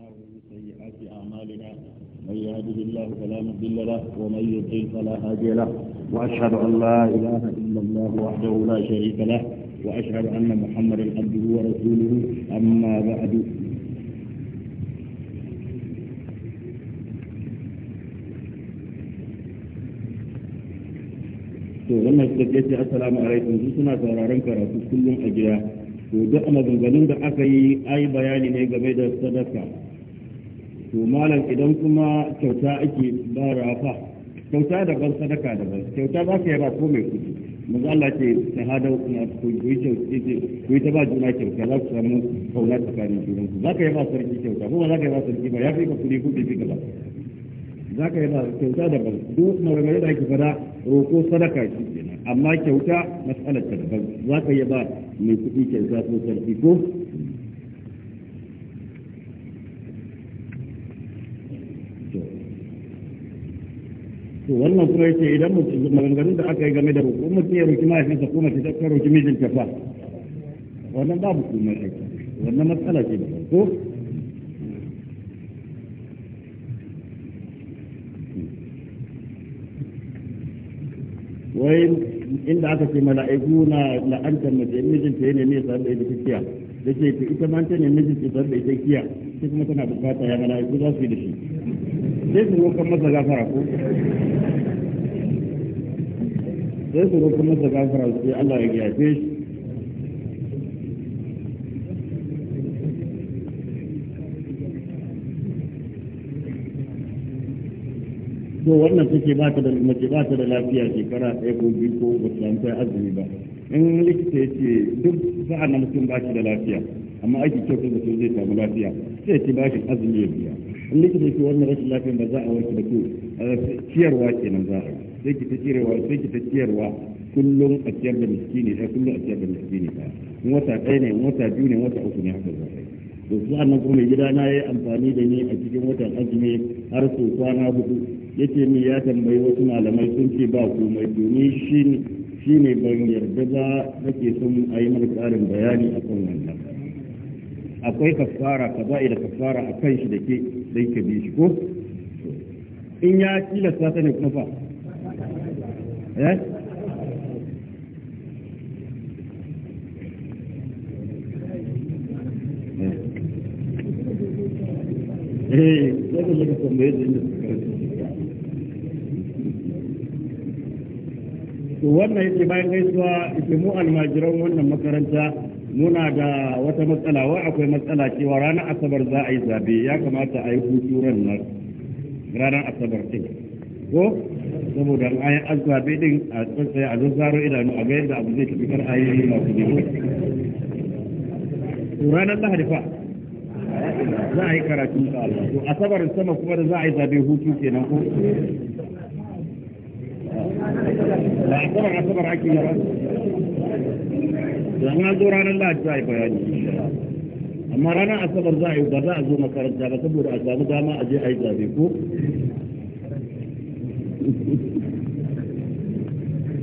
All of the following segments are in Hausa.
الله من سيئات أعمالنا من يهده الله فلا مضل له ومن يضلل فلا هادي له وأشهد أن لا إله إلا الله وحده لا شريك له وأشهد أن محمدا عبده ورسوله أما بعد to wannan gaggece assalamu alaikum su suna sauraron karatu kullum a gida to duk maganganun da aka yi ai bayani ne game da sadaka to malam idan kuma kyauta ake ba fa kyauta daban sadaka daban kyauta ba ka yi ba ko mai kuɗi manzo Allah ke shahada kuma ku yi ta ba juna kyauta za ku samu kauna tsakanin junan ku za ka yi ba sarki kyauta ko za ka yi ba sarki ba ya fi ka kudi kudi fi gaba za ka yi ba kyauta daban duk marmari da ake fara roko sadaka shi kenan amma kyauta matsalar ta ban za ka yi ba mai kuɗi kyauta ko sarki ko to wannan kuma yace idan mu maganganun da aka yi game da roƙo mutum ya roƙi mahaifinsa ko mace ta roƙi mijinta fa wannan babu komai aiki wannan matsala ce da ko wai inda aka ce mala'iku na la'antar mace mijinta mijin ta ya nesa da ita kiya da ke ita ma ta nemi ta ya sami da ita kiya sai kuma tana bukata ya mala'iku za su yi da shi sai su roƙon masa gafara ko sai su roƙon masa gafara sai Allah ya gafe shi to wannan take ba ta da mace ba ta da lafiya shekara ɗaya ko biyu ko ba ta samu azumi ba in likita ya ce duk sa'an na mutum ba shi da lafiya amma aiki kyau da zai samu lafiya sai ya ce ba shi azumi ya biya likita yake wannan rashin lafiyar da za a warke da ku ciyarwa kenan za a sai ki ta ciyarwa sai ki ta ciyarwa kullum a ciyar da miskini sai kullum a ciyar da miskini ɗaya wata ɗaya ne wata biyu ne wata uku ne haka za a yi to nan kuma gida na yi amfani da ni a cikin watan azumi har su kwana hudu yace ni ya tambayi wasu malamai sun ce ba komai domin shi shi ne ban yarda ba nake son a yi mana ƙarin bayani kan wannan akwai kafara kaza'i da kafara a kan shi da ke sai ka bi shi ko in ya tilasta ta ne kuma fa eh, eh, eh wannan yake bayan gaisuwa wannan makaranta muna da wata matsala wa akwai matsala cewa ranar asabar za a yi zabe ya kamata a yi hutu ranar ranar asabar din ko saboda an yi azabe din a tsantsaya a zazzaro idanu a ga yadda abu zai tafi kar a yi masu ne ranar lahadi fa za a yi karatu sa Allah to asabar sama kuma da za a yi zabe hutu kenan ko la asabar asabar ake yi na zo ranar lahadi za a yi bayani amma ranar asabar za a yi ba za a zo makaranta ba saboda a samu dama a je a yi zabe ko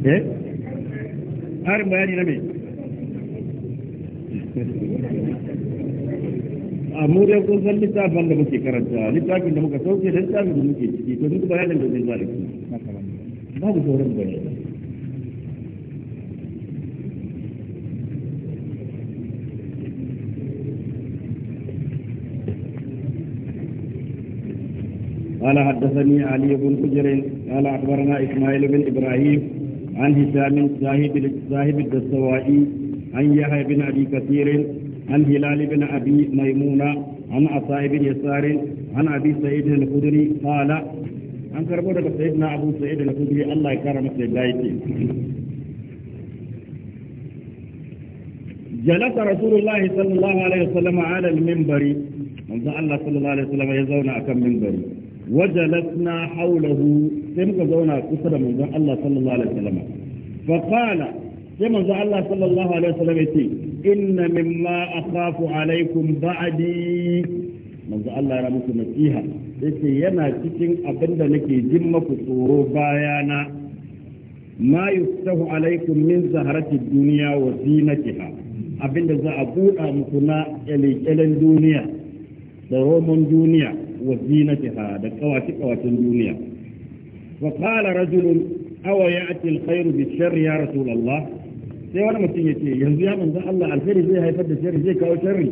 eh harin bayani na me a muryar dai kun san littafin da muke karanta littafin da muka sauke da littafin da muke ciki to duk bayanin da zai zaliki babu sauran bayani قال حدثني علي بن حجر قال اخبرنا اسماعيل بن ابراهيم عن هشام صاحب صاحب الدستوائي عن يحيى بن ابي كثير عن هلال بن ابي ميمون عن عطاء بن يسار عن ابي سعيد الخدري قال عن كربونه سيدنا ابو سعيد الخدري الله يكرمك لله جلس رسول الله صلى الله عليه وسلم على المنبر من الله صلى الله عليه وسلم يزون اكم منبري وجلسنا حوله سمك زونا كسر من زون الله صلى الله عليه وسلم فقال كما زون الله صلى الله عليه وسلم يتي إن مما أخاف عليكم بعدي من زون الله رمك نسيها يتي ينا تكين أبند نكي جمك صورو بايانا ما يفتح عليكم من زهرة الدنيا وزينتها abinda za a buɗa muku na ƙyalen duniya da roman duniya wa zinatiha da kawace kawacin duniya wa qala rajulun aw ya'ti al-khayru bi sharri ya rasulullah sai wani mutum yace yanzu ya manzo Allah alkhairi zai haifar da sharri zai kawo sharri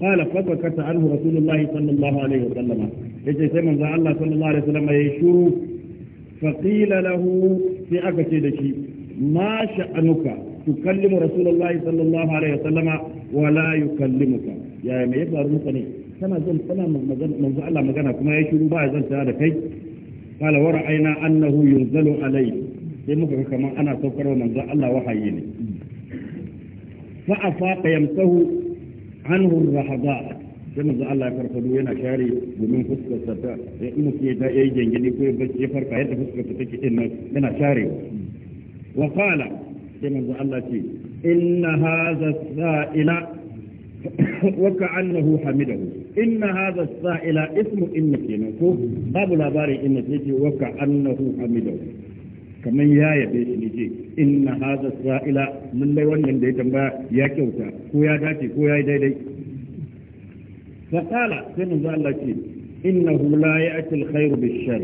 qala fadakata anhu rasulullah sallallahu alaihi wa sallama yace sai manzo Allah sallallahu alaihi wa sallama yayi shuru faqila sai aka ce da shi ma sha'anuka تكلم رسول الله صلى الله عليه وسلم ولا يكلمك يا ما يفعل kana zan kana manzo Allah magana kuma ya shiru ba ya zanta da kai qala wa ra'ayna annahu yunzalu alayhi sai muka kamar ana saukar wa manzo Allah wahayi ne fa afaqa yamsahu anhu rahaba sai manzo Allah ya farfado yana share gumin fuskar sa ta ya in ke da yayi gengeni ko ya farka yadda fuskar ta take din nan yana sharewa wa qala sai manzo Allah ce inna hadha sa'ila wa ka'annahu إن هذا السائل اسم إنك ينفو باب لاباري إنك يجي وكأنه حمده kamar ya yabe shi ne ce in na haza sa'ila lallai wannan da ya tambaya ya kyauta ko ya dace ko ya yi daidai faqala sai manzo Allah ce innahu la ya'ti al-khayru bi-sharr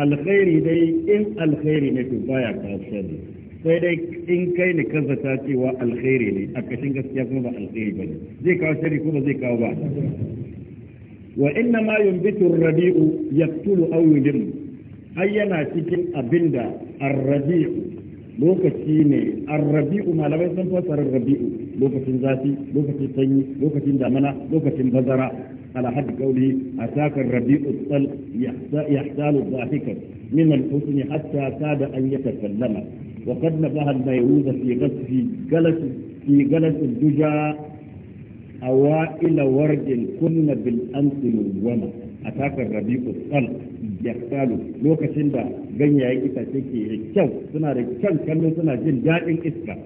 al-khairi dai in al-khairi ne to baya ka sharri sai dai in kai ne kan zata cewa alkhairi ne a kashin gaskiya kuma ba alkhairi ba ne zai kawo shari kuma zai kawo ba wa inna ma yumbitu ar rabi'u yaqtulu aw yudim ai yana cikin abinda ar rabiu lokaci ne ar-rabi'u malamai sun fasara ar-rabi'u lokacin zafi lokacin sanyi lokacin damana lokacin bazara على حد قوله أتاك الربيع الطلق يحتال ضاحكا من الحسن حتى كاد أن يتكلم وقد نبه الميعوذ في غسل في جلس في جلس الدجى أوائل ورد كن بالأمس والوما أتاك الربيع الطلق يحتال lokacin da ganyayen itace ke da kyau suna da kyan kallo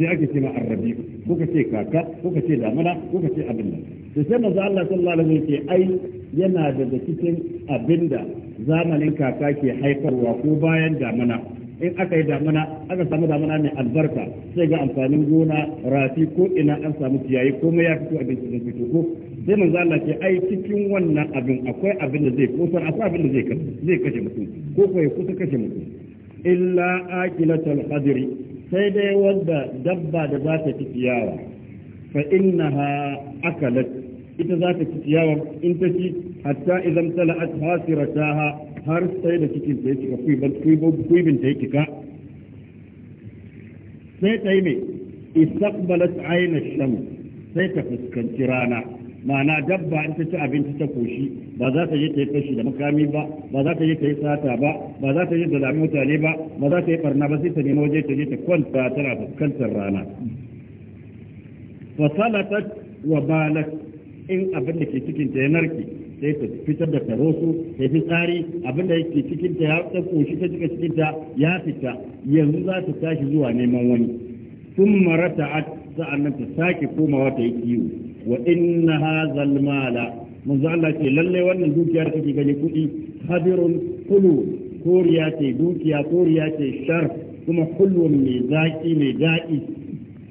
sai ake cewa arrabi ko ka ce kaka ko ka ce damana ko ka ce abin nan to sai manzo Allah sallallahu alaihi wasallam ai yana daga cikin abinda zamanin kaka ke haifarwa ko bayan damana in aka yi damana aka samu damana mai albarka sai ga amfanin gona rafi ko ina an samu ciyayi ko ya fito abin da fito ko sai manzo Allah ce ai cikin wannan abin akwai abin da zai kusan akwai abin da zai kashe mutum ko ko ya kusa kashe mutum illa akilatul qadri sai dai wadda dabba da za ta fi yawa fa innaha akalat ita za ta fi ciyawa in ta ci hatta idan tala'at hasirataha har sai da cikin ta yake kuiban kuibin ta yake ka sai ta yi mai istaqbalat ayna shams sai ta fuskanci rana ma'ana dabba in ta ci abinci ta koshi ba za ta je ta yi fashi da makami ba ba za ta je ta yi sata ba ba za ta je da dami mutane ba ba za ta yi barna ba sai ta nemi waje ta je ta kwanta tana fuskantar rana fasalata wa balat in abin da ke cikin ta ya narke sai ta fitar da tarosu ta fi tsari abin da yake cikin ta ya ta koshi ta cika cikin ta ya fita yanzu za ta tashi zuwa neman wani tun marata'at sa'annan ta sake komawa ta yi kiwo wa inna hadha al manzo Allah ce lalle wannan dukiyar kake gani kudi hadirun kulu koriya ce dukiya koriya ce shar kuma kullum mai zaki mai daɗi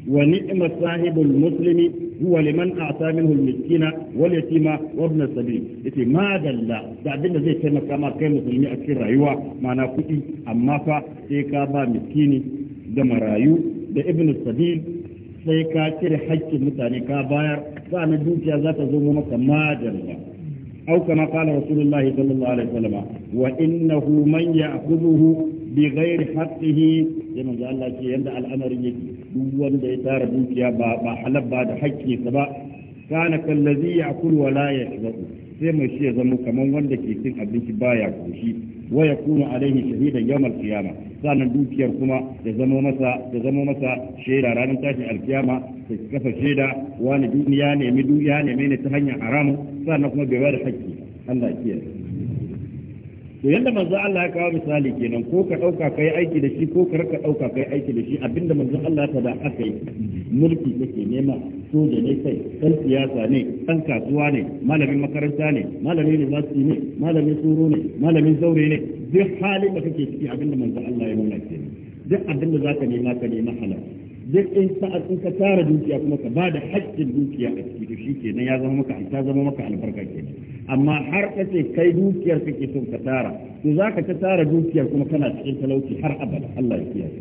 wa ni'mat sahibul muslimi huwa liman a'ta minhu al wal yatima wa ibn sabil yace ma dalla da abin da zai taimaka ma kai musulmi a cikin rayuwa mana kuɗi amma fa sai ka ba miskini da marayu da ibn sabil sai ka cire haƙƙin mutane ka bayar sa'an dukiya za ta zo maka majalla au kama qala rasulullah sallallahu alaihi wasallam wa innahu man ya'khudhuhu bi ghairi haqqihi ya manzo Allah ce yanda al'amarin yake duk wanda ya tara dukiya ba ba ba da haƙƙinsa ba kana kallazi ya'kul ya la yashbu sai mai shi ya zama kamar wanda ke cin abinci baya koshi wa ya kuna alaihi shahidan yawmal qiyama sanan dukiyar kuma ya zama masa ya zama masa shaida ranar tashin alkiyama ta kafa shaida wani duniya ne mi duniya ne ne ta hanyar haramu sanan kuma bai ba da hakki Allah ya kiyaye to yanda manzo Allah ya kawo misali kenan ko ka dauka kai aiki da shi ko ka raka dauka kai aiki da shi abinda manzo Allah ta da aka yi mulki yake nema soja ne kai dan siyasa ne dan kasuwa ne malamin makaranta ne malamin university ne malamin tsoro ne malamin zaure ne duk halin da kake ciki abinda manzo Allah ya nuna ke duk abinda zaka nema ka nema halal duk in sa'ad in ka tara dukiya kuma ka bada da haƙƙin dukiya a ciki to shi kenan ya zama maka ta zama maka albarka kenan amma har kace kai dukiyar kake son ka tara to zaka ta tara dukiyar kuma kana cikin talauci har abada Allah ya kiyaye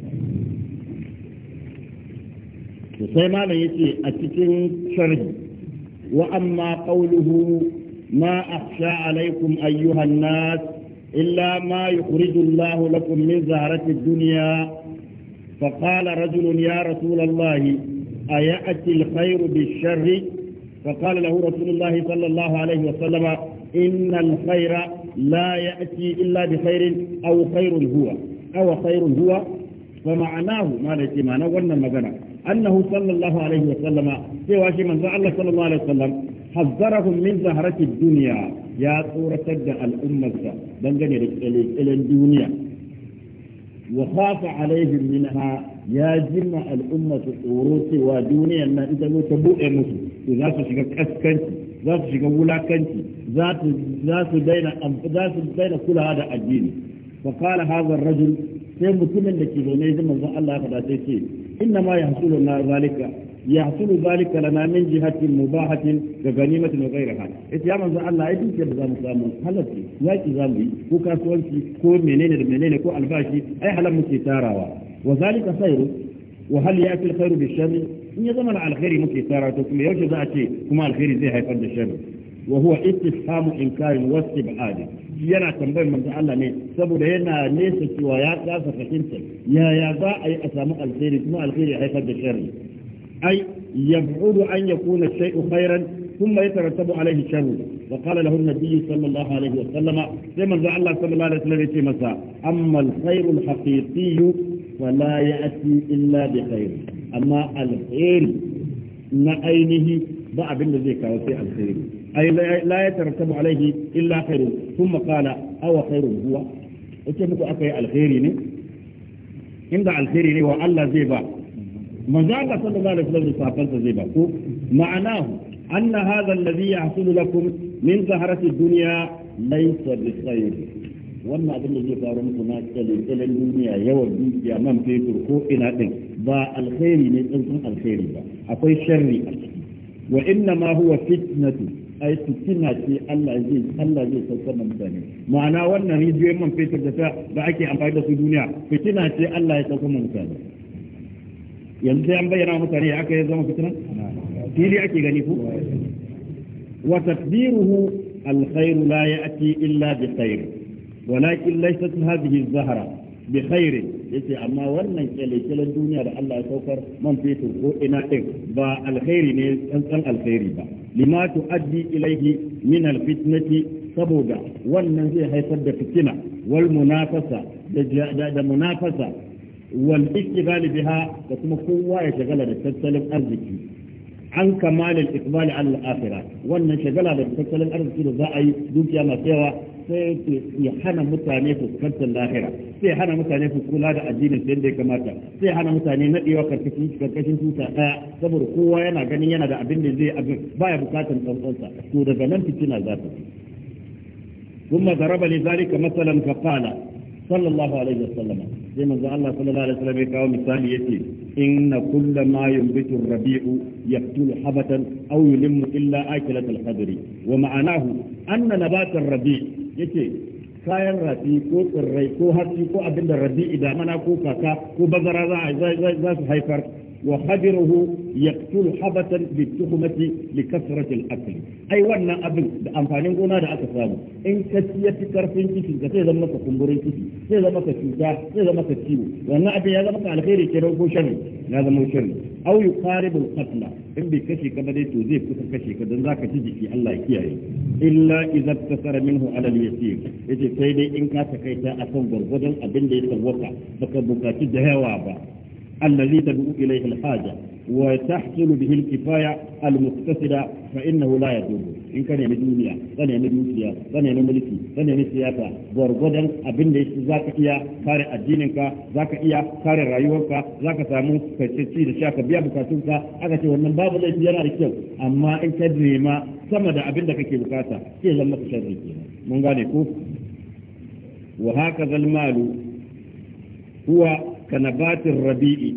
to sai malam yace a cikin sharhi wa amma qawluhu ma akhsha alaikum ayyuha nas illa ma yukhriju Allah lakum min zaharati dunya فقال رجل يا رسول الله أيأتي الخير بالشر فقال له رسول الله صلى الله عليه وسلم إن الخير لا يأتي إلا بخير أو خير هو أو خير هو فمعناه ما نتي معنى ولا مغنى أنه صلى الله عليه وسلم سوى شيء من الله صلى الله عليه وسلم حذرهم من زهرة الدنيا يا صورة الأمة دنجني إلى الدنيا وخاف عليهم منها يا جمع الأمة الأوروسي ودنيا أن أنت تبوء مسلم إذا تشكك أسكنت ذا تشكك ولاكنت ذات دين ذات دين كل هذا الدين فقال هذا الرجل sai mutumin da ke zaune zama zan Allah ya faɗa sai ce inna ma yahsulu na zalika يحصل ذلك لنا من جهة مباحة كغنيمة وغيرها إذا من الله إذن كيف زام سامو حلتي ذاك زامي كو في كل منين منين كو الباشي أي حلا مكتاراوا وذلك خير وهل يأتي الخير بالشر إن يضمن على الخير مكتارا تكمي يوجد ذاتي كما الخير زيها هيفند الشر وهو استفهام إنكار واستبعاد yana tambayar manzo Allah ne saboda yana nesa cewa ya kasa fahimta yaya za a yi a samu alheri kuma alheri ya haifar da sharri أي يبعد أن يكون الشيء خيرا ثم يترتب عليه شر وقال له النبي صلى الله عليه وسلم كما جاء الله صلى الله عليه وسلم في مساء أما الخير الحقيقي فلا يأتي إلا بخير أما الخير نعينه بقى بالذيك وفي الخير أي لا يترتب عليه إلا خير ثم قال أو خير هو أتبقى أكي الخير عند الخير هو الله زي بقى manzo Allah sallallahu alaihi wasallam safansa zai ba ko ma'anahu anna hadha alladhi yahsulu lakum min zaharati dunya laysa bi khair wannan abin da zai faru muku na kyalen duniya yawan dukiya man fetur ko ina din ba alkhairi ne tsantsan alkhairi ba akwai sharri a ciki wa inna ma huwa fitnatu ai fitina ce Allah zai Allah zai saukar da mutane ma'ana wannan rijiyoyin man fetur da ta da ake amfani da su duniya fitina ce Allah ya sauka da mutane yanzu an bayyana mutane aka yi zama fitina fili ake gani ku wa tadbiruhu الخير لا يأتي إلا بخير ولكن ليست هذه الزهرة بخير yace amma wannan kyale duniya da Allah ya saukar man fetur ko ina ɗin ba alkhairi ne tsantsan alkhairi ba lima tu'addi ilaihi min alfitnati saboda wannan zai haifar da fitina wal munafasa da munafasa wal iqbal biha da kuma kowa ya shagala da tattalin arziki an kamal al al akhirah wannan shagala da tattalin arziki da za a yi dukiya masu yawa sai ya hana mutane fuskantar lahira sai hana mutane kula da addinin sai da ya kamata sai hana mutane nadewa karkashin karkashin tuta daya saboda kowa yana ganin yana da abin da zai abin baya bukatar tsantsansa to daga nan fitina za ta ثم ضرب لذلك مثلا فقال sallallahu alaihi wasallam sai manzo Allah sallallahu alaihi wasallam ya kawo misali yace inna kulla ma yunbitu rabiu yaqtulu habatan aw yulimmu illa akilat al wa ma'anahu anna nabat ar-rabi yace kayan rafi ko tsirrai ko hatsi ko abinda da rabi'i da mana ko kaka ko bazara za su haifar وخدره يقتل حبة بالتخمة لكثرة الأكل أي وانا أبن أنفانين قونا دا أكسامو إن كسية كرفين كسي كسيزا مكا كمبرين كسي سيزا مكا كسيزا سيزا مكا كسيو وانا أبن يزا مكا على خيري كيرو كو شري هذا مو شري أو يقارب القتل إن بكشي كما دي توزيف كسا كشي كدن ذاك تجي في الله كياي إلا إذا ابتسر منه على اليسير إذا سيدي إن كاسا كيتا أكون برغدن أبن دي سوكا بكا بكا تجهوا با الذي تدعو إليه الحاجة وتحصل به الكفاية المقتصدة فإنه لا يدوم إن كان يمد دنيا كان يمد موسيا كان يمد ملكي كان يمد سياسة بورغودا أبن ليس ذاك إياه كار الدينك ذاك إياه كار رأيوك ذاك سامو كتشي بيابك سوك بكاتوك شو ونن باب ليس ينا ركيو أما إن كدري ما سمد أبن لك كي بكاتا كي لما تشارك من قال يكوف وهكذا المال هو kanabatin rabi'i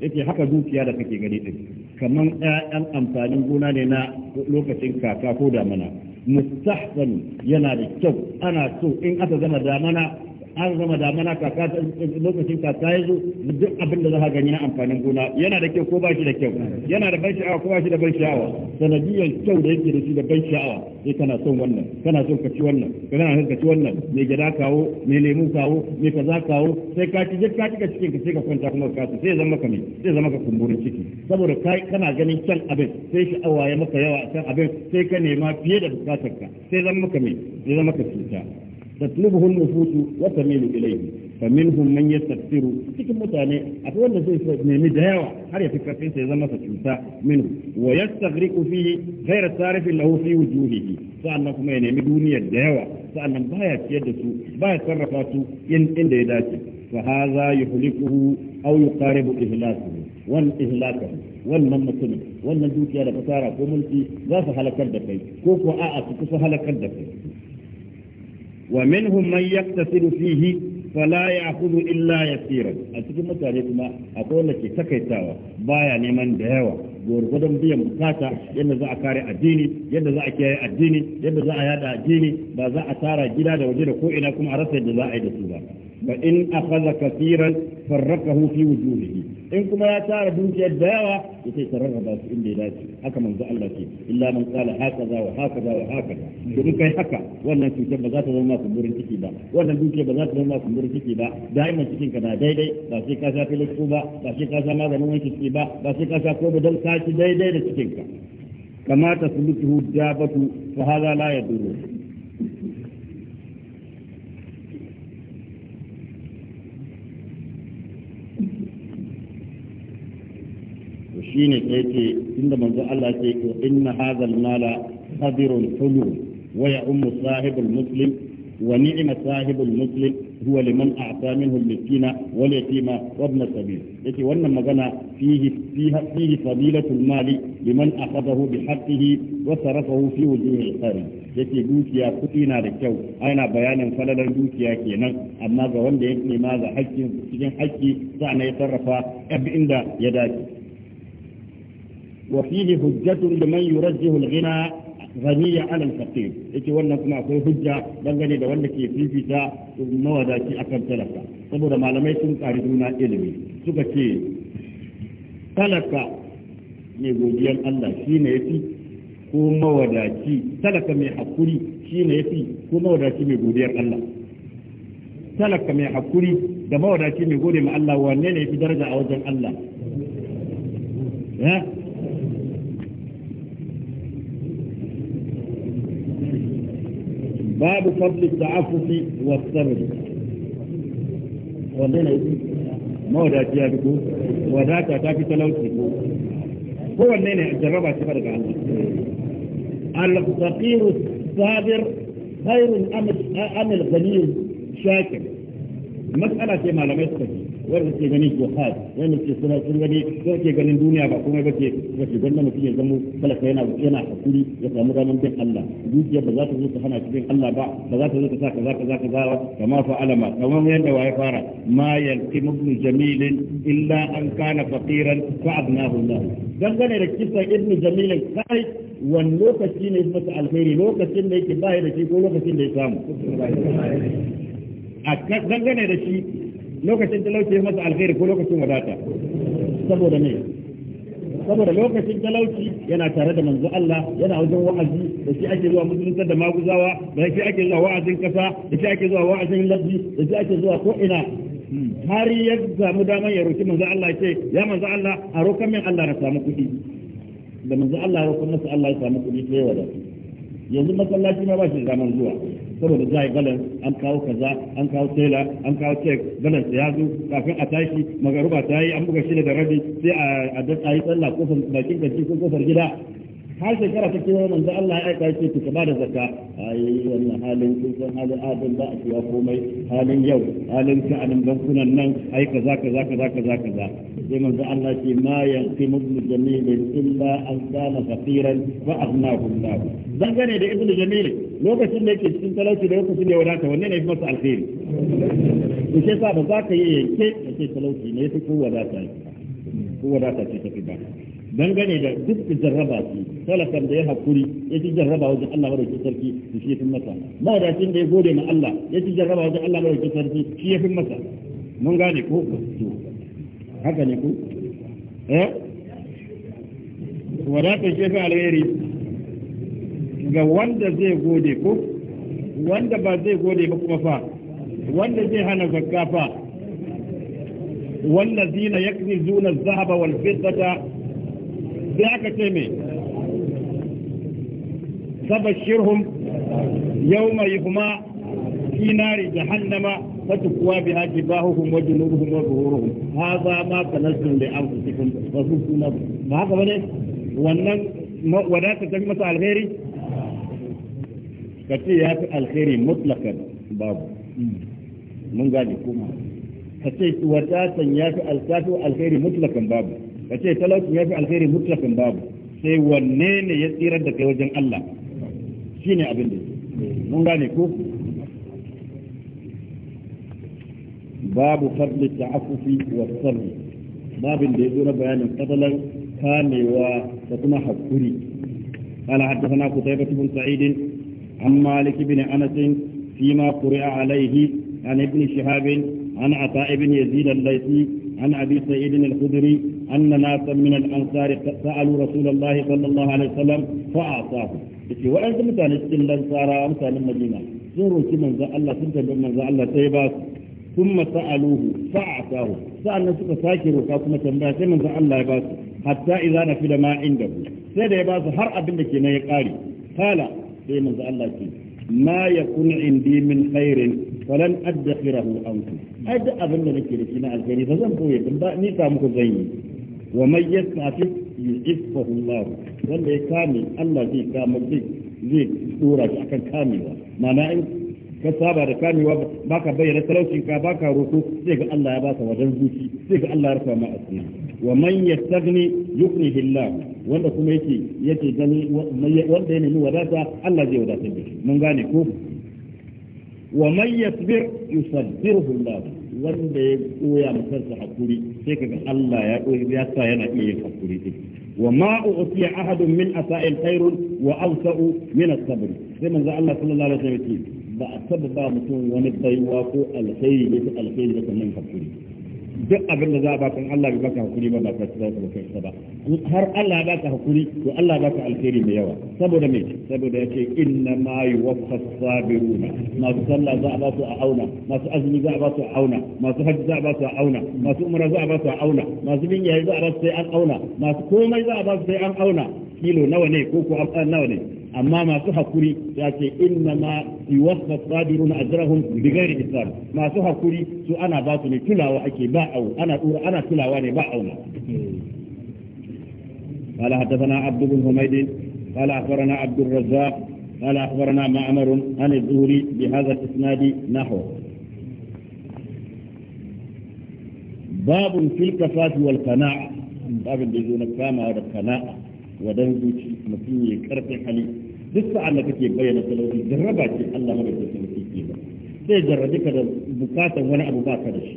yake haka dukiya da kake gani din kaman ɗayan amfanin gona ne na lokacin kaka ko damana mustahsan yana da kyau ana so in aka zama damana an da mana kaka lokacin kaka ya zo duk abin da za ka gani na amfanin gona yana da kyau ko ba shi da kyau yana da ban sha'awa ko ba shi da ban sha'awa sanadiyar kyau da yake da shi da ban sha'awa sai kana son wannan kana son ka ci wannan kana son ka ci wannan mai gida kawo mai lemu kawo mai kaza kawo sai ka ci duk ka ci ka cikin ka sai ka kwanta kuma ka ci sai zama ka mai sai zama ka kumburin ciki saboda kai kana ganin kyan abin sai sha'awa ya maka yawa a kan abin sai ka nema fiye da bukatarka sai zama ka mai sai zama ka cuta تطلبه النفوس وتميل إليه فمنهم من يستكثر cikin mutane akwai wanda zai nemi da yawa har ya fi karfin sai zama sa cuta minhu wa yastaghriqu fihi ghayra sarif lahu fi wujuhihi sa'annan kuma ya nemi duniyar da yawa sa'annan baya ciyar da su baya sarrafa su in inda ya dace fa hadha yuhlikuhu aw yuqaribu ihlasuhu wal ihlakahu wannan mutumin wannan dukiya da fasara ko mulki za ka halakar da kai ko ko a'a su kusa halakar da kai ومنهم من يقتصر فيه فلا يأخذ إلا يسيرا أتكلم متعني كما أقول لك تكيتاوا بايا نيمان دهوا gwargwadon biyan bukata yadda za a kare addini yadda za a kiyaye addini yadda za a yada addini ba za a tara gida da waje da ko ina kuma a rasa yadda za a yi da su ba wa in akhadha kathiran farrakahu fi wujuhihi in kuma ya tara dukiyar da yawa yace ta rarraba su inda ya dace haka manzo Allah ke illa man qala hakaza wa hakaza wa hakaza domin kai haka wannan cutar ba za ta zama kumburin ciki ba wannan dukiyar ba za ta zama kumburin ciki ba daiman cikin ka na daidai ba sai ka sha filisku ba ba sai ka sha maganin wanke ciki ba ba sai ka sha ko don ka daidai da cikin ka kamata su mutu dabatu fa hada la yadurru shine sai ce inda manzon Allah ce inna hadhal mala hadirun hulul wa ya ummu sahibul muslim wa ni'ma sahibul muslim huwa liman a'ta minhu al-miskina wal yatima wa ibn sabil yace wannan magana fihi fiha fihi fadilatul mali liman akhadahu bi haqqihi wa sarafahu fi wujuhil khair yace dukiya kuti na da kyau ana bayanin falalar dukiya kenan amma ga wanda ya nema ga haƙƙin cikin haƙƙi sa'an ya sarrafa inda ya dace وفيه حجة لمن يرجه الغنى غني على الفقير yake wannan kuma akwai hujja dangane da wanda ke fifita mawadaci akan talaka saboda malamai sun ƙari juna ilimi suka ce talaka mai godiyar Allah shine yafi ko mawadaci talaka mai hakuri shine yafi ko mawadaci mai godiyar Allah talaka mai hakuri da mawadaci mai gode ma Allah wanne ne yafi daraja a wajen Allah باب فضل التعفف والسرد ومن موضع جيابكو وذاك تاكي تلوتكو هو من جربة تبرك عنه الفقير الصابر خير أم الغني الشاكر مسألة كما لم يستطيع wanda ke gani jihad wanda ke suna sun gani ko ke ganin duniya ba komai bace bace gwanda mutum ya zama talaka yana yana hakuri ya samu ranar bin Allah dukiya ba za ta zo ta hana shi bin Allah ba ba za ta zo ta sa kaza kaza kaza kama fa alama kamar yadda waye fara ma yalkimu ibn jamil illa an kana faqiran fa abnahu Allah dangane da kisa ibn jamil lokaci ne masa alheri lokacin da yake da shi ko lokacin da ya samu a dangane da shi lokacin talauci ya masa alheri ko lokacin wadata saboda me saboda lokacin talauci yana tare da manzo Allah yana wajen wa'azi da shi ake zuwa musulunta da maguzawa da shi ake zuwa wa'azin kasa da shi ake zuwa wa'azin labbi da shi ake zuwa ko ina har ya samu daman ya roki manzo Allah ce ya manzo Allah a rokan min Allah na samu kuɗi da manzo Allah ya rokan masa Allah ya samu kuɗi ta sai wada yanzu masallaci ma ba shi zaman zuwa saboda za a yi balance an kawo kaza an kawo tela an kawo cek balance ya zo kafin a tashi magaruba ta yi an buga shi da rabi sai a yi tsalla kofar bakin gaji ko kofar gida har shekara ta kewaye da Allah ya aika ce ka bada zakka ai wannan halin kun san halin adin ba a ciya komai halin yau halin ka anan bankunan nan ai kaza kaza kaza kaza kaza sai da Allah ce ma yanqimu ibn jamil illa an kana faqiran fa aghnahu Allah gane da ibn jamil lokacin da yake cikin talauci da lokacin da ya wadata wanne ne masa alheri to sai ba za ka yi yanke da talauci ne fi ko wadata ko wadata ce ta fi ba dangane da duk jarraba shi talakan da ya hakuri ya ci jarraba wajen Allah madaukakin sarki shi ya fi masa ma da da ya gode ma Allah ya ci jarraba wajen Allah madaukakin sarki shi ya fi masa mun gane ko haka ne ko eh wadata shi fi alheri ga wanda zai gode ko wanda ba zai gode ba kuma fa wanda zai hana zakka fa والذين يكنزون الذهب والفضة sai aka ce ne sabashirhum yawma yuhma fi nari jahannama ha za ma وجنوبهم وظهورهم هذا ما كنزتم لأنفسكم وكنتم نظر ما هذا بني wannan wadata ta masa alheri ka ce ya fi alheri mutlakan babu mun gane kuma ka ce wadatan ya fi alheri mutlakan babu ka ce talauci ya fi alheri mutlafin babu sai wanne ne ya tsirar da kai wajen Allah shine abin da mun gane ko babu fadli ta'affufi wa sabr babin da ya zura bayanin fadalan kamewa da kuma hakuri قال حدثنا قتيبة an سعيد bin anasin fi ma فيما قرئ an ibn ابن an عن عطاء yazid al-laythi عن أبي سعيد الخدري أن ناسا من الأنصار سألوا رسول الله صلى الله عليه وسلم فأعطاه وأنت مثلا الأنصار مثلا المدينة زوروا كمن الله سنتبه من الله سيباس ثم سألوه فأعطاه سألنا سوى ساكر وكاكم تنبه سيمن الله يباس حتى إذا نفد ما عنده سيد يباس هر أبن لك يقاري قال سيمن الله كي ما يكون عندي من خير falan addakhirahu ankum ai abin da nake da shi na alkhairi ba zan boye ba ni ta muku zan yi wa may yastafi yu'iffahu Allah wanda ya kame Allah zai kama zai zai dora shi akan kamewa ma'ana in ka saba da kamewa baka bayyana talaucinka baka roko sai ga Allah ya baka wajen zuci sai ga Allah ya rufa ma asiri wa man yastaghni yughnihi Allah wanda kuma yake yake gani wanda ya nemi wadata Allah zai wadata da shi mun gane ko wa man yasbir yusabbirhu wanda ya koya masa hakuri sai kaga Allah ya koyi ya sa yana iya yin hakuri din wa ma u'tiya ahadun min asa'il khairun wa awsa'u min as-sabr sai manzo Allah sallallahu alaihi wasallam ba a saba ba mutum wani baiwa ko alkhairi da alkhairi da kaman hakuri duk abin da za a baka in Allah bai baka hakuri ba ba ka tsaya ba kai ba har Allah ya baka hakuri to Allah ya baka alheri mai yawa saboda me saboda yake inna ma yuwaffa sabiruna masu sallah za a ba su a auna masu azumi za a ba su a auna masu hajji za a ba su a auna masu umra za a ba su a auna masu binyaye za a ba su sai an auna masu komai za a ba su sai an auna kilo nawa ne ko ko nawa ne amma masu hakuri ya ce inna ma yuwaffa sabirun ajrahum bighayr hisab masu hakuri su ana ba su ne kulawa ake ba au ana dora ana kulawa ne ba قال حدثنا عبد بن حميد قال اخبرنا عبد الرزاق قال اخبرنا معمر عن الزهري بهذا الاسناد نحو باب في الكفاة والقناعة باب الذي كما هذا القناعة ودنزوتي مفيه كرف حليب duk sa'an da kake bayyana talauci jarraba ce Allah madaukakin sarki ke ba sai jarrabe ka da bukatan wani abu ba ka da shi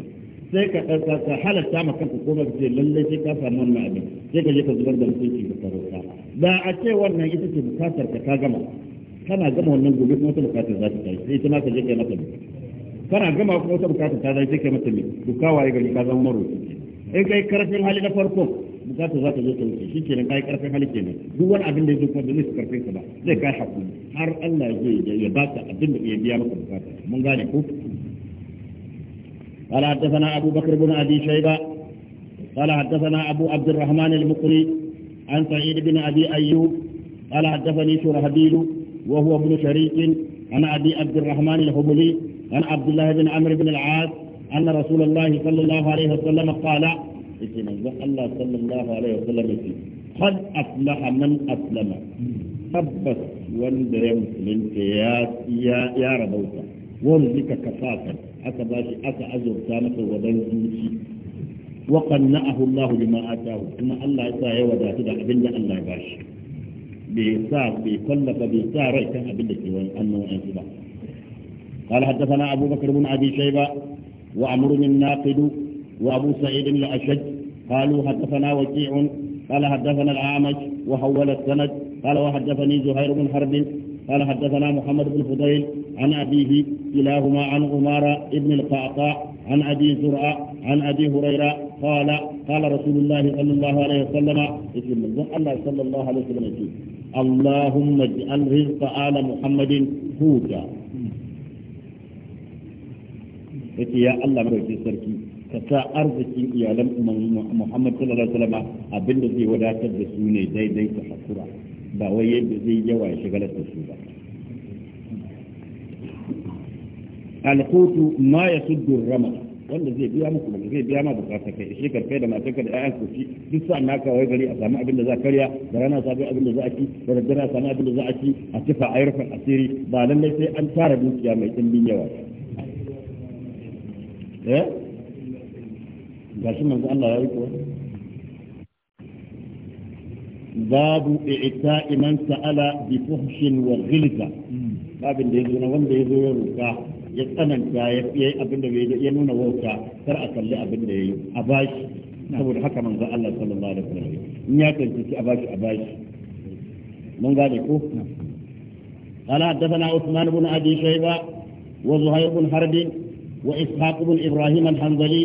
sai ka ka halatta ma kanka ko baka ce lalle sai ka samu wannan abin sai ka je ka zubar da mutunci da karauta da a ce wannan ita ce bukatar ka ka gama kana gama wannan gobe kuma wata bukatar za ta tashi sai ita ma ka je kai mata kana gama kuma wata bukatar ta zai sai kai mata ne dukawa ya gari ka zama maro in kai karfin hali na farko bukatar za ta zo ta wuce shi kenan kai karfin hali kenan duk wani abin da ya zo kuma bai karfin ka ba zai kai hakuri har Allah zai ya baka abin da ya biya maka bukata mun gane ko قال حدثنا أبو بكر بن أبي شيبة قال حدثنا أبو عبد الرحمن المقري عن سعيد بن أبي أيوب قال حدثني شرهبيل وهو ابن شريك عن أبي عبد الرحمن الحبلي عن عبد الله بن عمرو بن العاص أن رسول الله صلى الله عليه وسلم قال yake manzon Allah sallallahu alaihi wasallam yake qad aslaha man aslama tabbas wanda ya musulunta ya ya rabauta wani zika kafafan aka bashi aka azurta masa wadan zuci wa qanna'ahu Allah bima atahu kuma Allah ya sa ya wadatu da abin da Allah ya bashi bai sa bai kallafa bai sa rai kan abin da ke wani annoban shi ba قال حدثنا أبو بكر بن أبي شيبة وعمر بن ناقد وأبو سعيد بن اشد قالوا حدثنا وكيع قال حدثنا الأعمش وحول السند قال وحدثني زهير بن حرب قال حدثنا محمد بن فضيل عن أبيه كلاهما عن عمارة بن القعقاع عن أبي زرع عن أبي هريرة قال قال رسول الله صلى الله عليه وسلم اسم الله صلى الله عليه وسلم يقول اللهم اجعل رزق آل محمد فوجا يا الله مرحبا سركي ka sa arzikin iyalan Muhammad sallallahu alaihi wasallam abinda zai wadatar da su ne daidai ta hakura ba wai yadda zai yawa ya shigalar da su ba alqutu ma yasuddu rama wanda zai biya muku ba zai biya ma bukata kai shi karfe da matarka da ayan ku duk sa na ka wai gari a samu abin da za karya da rana sabi abin da za a ci da daddare a samu abin da za a ci a kifa a rufin asiri ba lallai sai an tara dukiya mai dimbin yawa eh gashi manzo Allah ya yi ko babu i'ta iman sa'ala bi fuhshin wa ghilza babin da yazo na wanda yazo ya roka ya tsananta ya yi abin da ya nuna wauta kar a kalli abin da yayi a bashi saboda haka manzo Allah sallallahu alaihi wasallam in ya tantance a bashi a bashi mun gane ko قال حدثنا عثمان بن ابي شيبه وزهير بن حرب واسحاق بن ابراهيم الحنظلي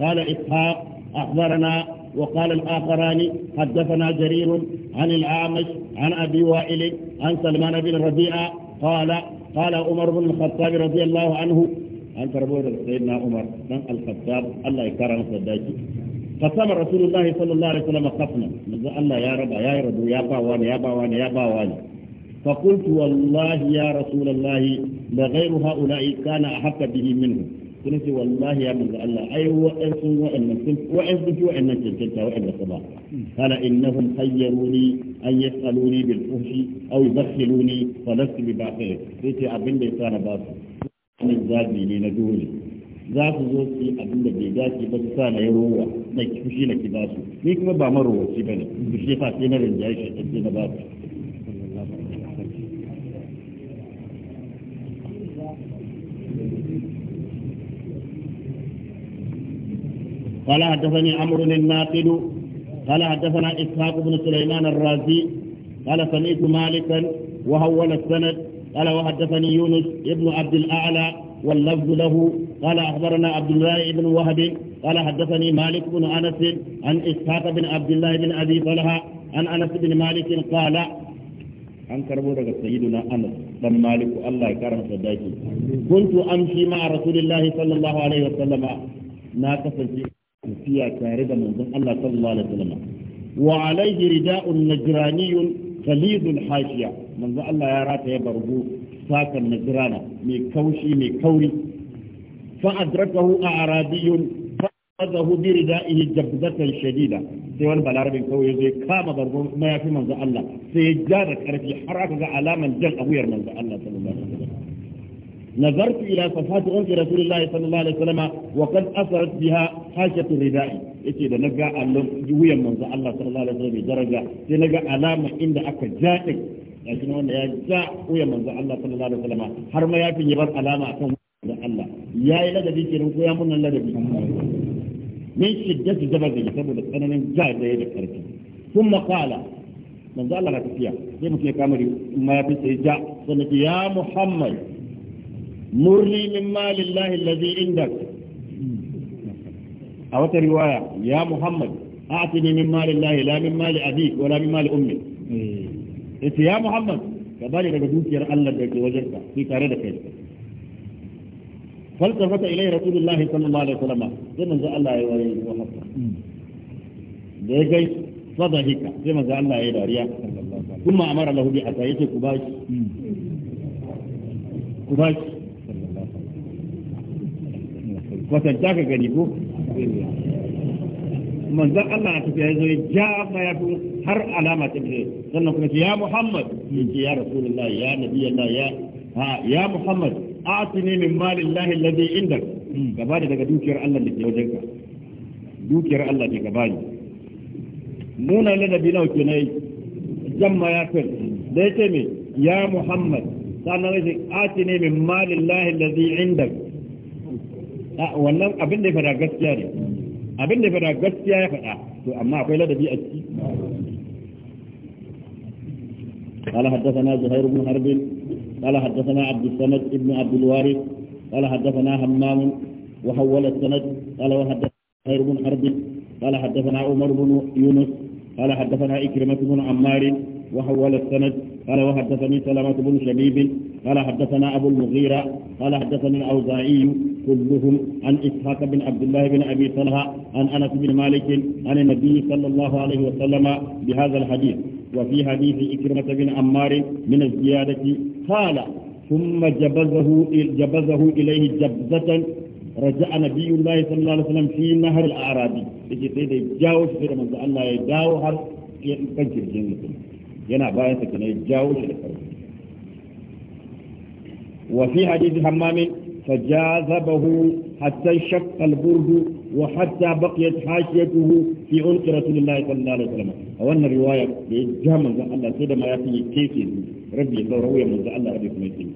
قال إسحاق أخبرنا وقال الآخران حدثنا جرير عن الأعمش عن أبي وائل عن سلمان بن ربيعة قال قال عمر بن الخطاب رضي الله عنه عن تربوه سيدنا عمر بن الخطاب الله يكرم صداقي قسم رسول الله صلى الله عليه وسلم قسما الله يا رب يا رب يا باوان يا باوان يا باوان فقلت والله يا رسول الله لغير هؤلاء كان أحق به منه sun ce wallahi ya manzo Allah ai wa'ansu wa'annan sun wa'ansu su wa'annan cancanta wa'anda su ba kana innahum khayyaruni an yas'aluni bil fuhshi aw yubakhiluni fa lastu bi baqi yace abin da yasa na ba su wannan zabi ne na dole za su zo su yi abin da bai dace ba su sa na yi rowa na fushi na ki ba su ni kuma ba marowaci bane fushi fa sai na rinjaye shi sai na ba su قال حدثني عمرو الناقد قال حدثنا إسحاق بن سليمان الرازي قال سمعت مالكا وهول السند قال وحدثني يونس ابن عبد الأعلى واللفظ له قال أخبرنا عبد الله بن وهب قال حدثني مالك بن أنس عن إسحاق بن عبد الله بن أبي طلحة عن أنس بن مالك قال an karbo daga sayyiduna Anas dan Maliku Allah ya karanta daki kuntu amshi ma rasulillahi sallallahu alaihi wasallama na kasance tafiya tare da manzon Allah sallallahu alaihi wasallam wa alaihi rida'un najraniyun khalidul hashiya manzon Allah ya rataya bargo sakan najrana mai kaushi mai kauri fa adrakahu a'rabiyun fa'adahu bi rida'ihi jabzatan shadida sai wani balarabin kawai zai kama bargo mayafi manzon Allah sai ya ja da karfi har aka ga alaman jan a wuyar manzon Allah sallallahu alaihi wasallam نظرت إلى صفحات عنق رسول الله صلى الله عليه وسلم وقد أثرت بها حاشة الرداء yake da ga allon wuyan manzo Allah sallallahu alaihi wasallam daraja sai naga alama inda aka jaɗe gashi wanda ya ja wuyan manzo Allah sallallahu alaihi wasallam har ma ya fi bar alama akan da Allah yayi ladabi kenan ko ya munnan ladabi min shiddati jabali saboda tsananin ja da ya da karfi kuma qala manzo Allah na tafiya sai mutum ya kama mayafi sai ja sannan ya Muhammad murni min malin lahi lazi indak a wata riwaya ya muhammad a ne min malin lahi la min mali abi min mali ummi ya muhammad ka bani daga dukiyar allah da ke wajenka ki tare da kai فالتفت إليه رسول الله صلى الله عليه وسلم زي من الله يوري وحفظه ده جاي فضحك زي من الله يداري ثم أمر له بعصا يتي كباش كباش kwatanta ka gani ko manzan Allah a tafiya ya zo ya ja har alama ta biyu sannan kuma ce ya Muhammad ya ce ya Rasulullah ya Nabi Allah ya ha ya Muhammad atini min malin lahi ladai inda gaba da daga dukiyar Allah da ke wajen ka dukiyar Allah ke gaba ne muna ladabi nawa ke na yi jan mayafin da ya ce me ya Muhammad sannan ya ce atini min malin lahi ladai inda wannan abin da ya fada gaskiya ne abin da ya fada gaskiya ya fada to amma akwai ladabi a ciki قال حدثنا زهير بن حرب قال حدثنا عبد الصمد بن عبد الوارث قال حدثنا همام وحول السند قال وحدثنا زهير بن حرب قال حدثنا عمر بن يونس قال حدثنا إكرمة بن عمار وحول السند قال وحدثني سلامة بن شبيب قال حدثنا أبو المغيرة قال حدثني الأوزاعي كلهم عن إسحاق بن عبد الله بن أبي طلحة عن أنس بن مالك عن النبي صلى الله عليه وسلم بهذا الحديث وفي حديث إكرمة بن عمار من الزيادة قال ثم جبزه جبزه إليه جبزة رجع نبي الله صلى الله عليه وسلم في نهر الأعرابي يجي سيدي جاوش في رمضان الله يداوهر ينفجر جنة yana bayan sa kenan ya jawo shi da karfi wa fi hadith hammamin fajazabahu hatta shaqq al burd wa hatta baqiyat hashiyatuhu fi unqi rasulillahi sallallahu alaihi wasallam a wannan riwaya da ya ja manzon Allah sai da ma ya fi kefe rabbi ya saurawo ya manzon Allah rabbi kuma ya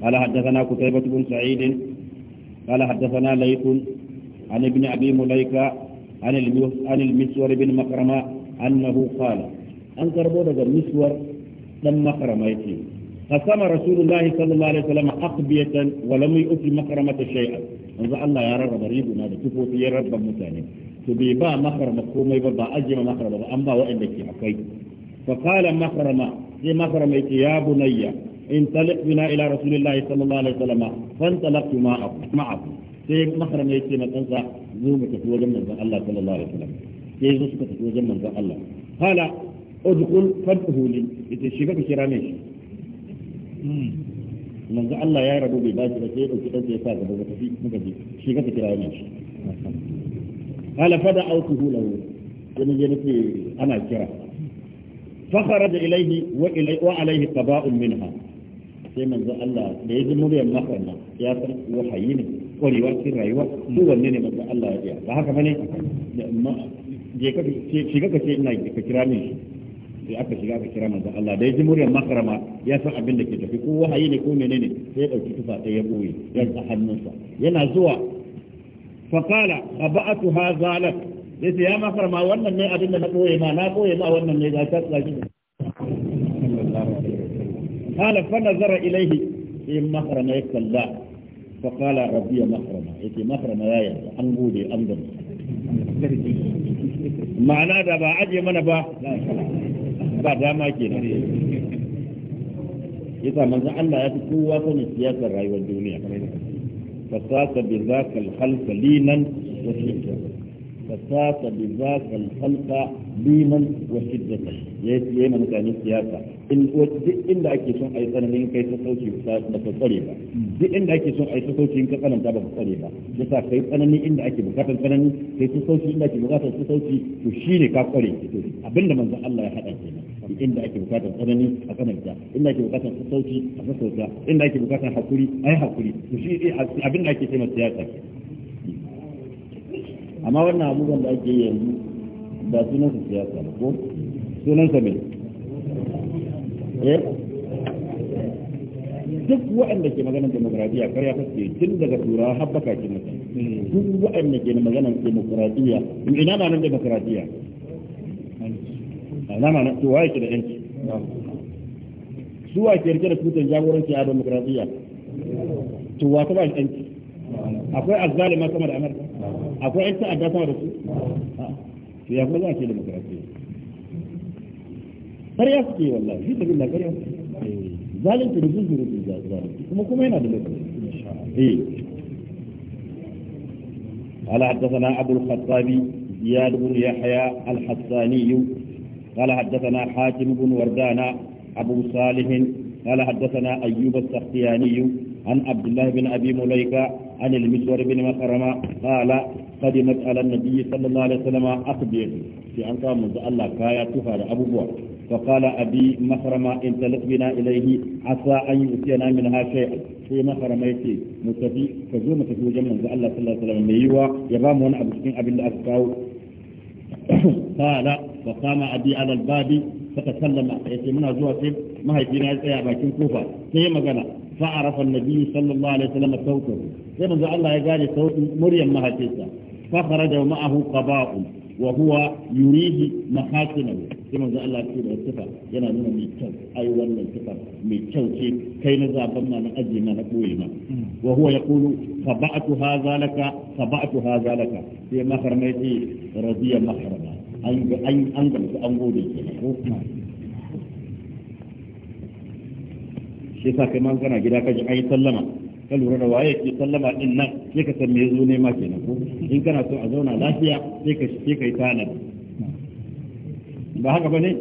قال حدثنا قتيبة بن سعيد قال حدثنا ليث عن ابن أبي مليكة عن المسور بن مكرمة annahu qala an karbo daga miswar dan makarama yake qasama rasulullahi sallallahu alaihi wasallam aqbiyatan wa lam yu'ti makaramata shay'an yanzu Allah ya rarraba riguna da tufofi ya rarraba mutane to bai ba makarama komai ba ba ajima makarama ba an ba waɗanda ke akwai fa qala makarama sai makarama yake ya انطلق بنا الى رسول الله صلى الله عليه وسلم فانطلقت معه معه sai maharama yake na kansa zo mu tafi wajen manzon Allah sallallahu ya yi suka tafi wajen manzon Allah hala udkhul fadhu li ita ka kira ne hmm. manzon Allah ya rabu bai ba sai ya dauki dan sai ya sa gaba tafi muka ji ka kira ne hala fada autuhu lahu ana kira sai manzo Allah da ya ji muryar ya san wahayi ne kwarewar rayuwa duk wanne ne manzo Allah ya ba haka bane je ka shiga ka ce ina ka kira ni sai aka shiga aka kira manzon Allah da yaji muryar makarama ya san abin da ke tafi ko wahayi ne ko menene sai ya dauki tufa ta ya boye ya sa hannunsa yana zuwa fa qala abatu hadha lak sai ya makarama wannan ne abin da na boye ma na boye ma wannan ne ga ta tsaki قال kalla إليه في مخرم يكلا فقال ربي makarama ya مخرم an يا an أنبودي ma'ana da ba aje mana ba ba dama ke nan yasa manzon Allah ya fi kowa sani siyasar rayuwar duniya fasasa bi zakal khalqa linan wa shirka فساق بذاك الخلق ليما وشدة يأتي من كان السياسة إن إن أكيد سون أي سنة من كي تسوي بتصريبا دي إن أكيد سون أي تسوي إن كفلا تابع بتصريبا جسا كي أنا ني إن أكيد بكفلا كنا ني كي تسوي إن أكيد بكفلا تسوي تشيري كفلا أبن أبدا ذا الله يحدث inda ake bukatar tsanani a tsananta inda ake bukatar sauki a sassauta inda ake bukatar hakuri ai hakuri to shi abin da ake cewa siyasa amma wannan abubuwan da ake yanzu ba sunan su siyasa ko sunan sa mai eh duk waɗanda ke maganar demokradiyya karya ta ce tun daga tura har baka ki mutum duk waɗanda ke maganar demokradiyya ina ma nan demokradiyya ina ma nan to waye ke da yanci su wa ke rike da tutan jagoranci a demokradiyya to wa ta ba yanci akwai azzalima sama da amurka akwai yan ta'adda sama da su to ya kuma za a ce demokarasi ƙarya suke wallahi shi tafi na ƙarya eh, zalunci da zuzuru su zalunci kuma kuma yana da lokaci eh. قال حدثنا أبو الخطاب زياد بن يحيى الحساني قال حدثنا حاتم بن وردان أبو صالح قال حدثنا أيوب السختياني عن عبد الله بن أبي مليكة عن المسور بن مخرمة قال قدمت على النبي صلى الله عليه وسلم أقبيته في أنقى منذ الله كايا تفعل أبو بوع فقال أبي مخرم انطلق بنا إليه عسى أن يؤتينا منها شيئا في مخرم يتي متفي كزو متفي وجم منذ الله صلى الله عليه وسلم ميوا يبام وانا أبو سكين أبي الأسكاو قال فقام أبي على الباب فتسلم يتي من أزوى سيف ما هي فينا يتي أباكين كوفا سيما قال فعرف النبي صلى الله عليه وسلم صوته sai manzo Allah ya gane sautin muryar mahaifinsa فخرج معه قباء وهو يريه محاسنه كما قال الله في الصفة yana nuna mai kyau ai wannan sifar mai kyau ce kai na zaben na na aji na na koyi na wa huwa yaqulu faba'tu hadha laka faba'tu hadha laka sai maharma yace radiya maharma an an an an gida kaji ai sallama ka lura da waye ke sallama din nan sai ka san me yazo ma kenan ko in kana so a zauna lafiya sai ka sai kai nan ba haka bane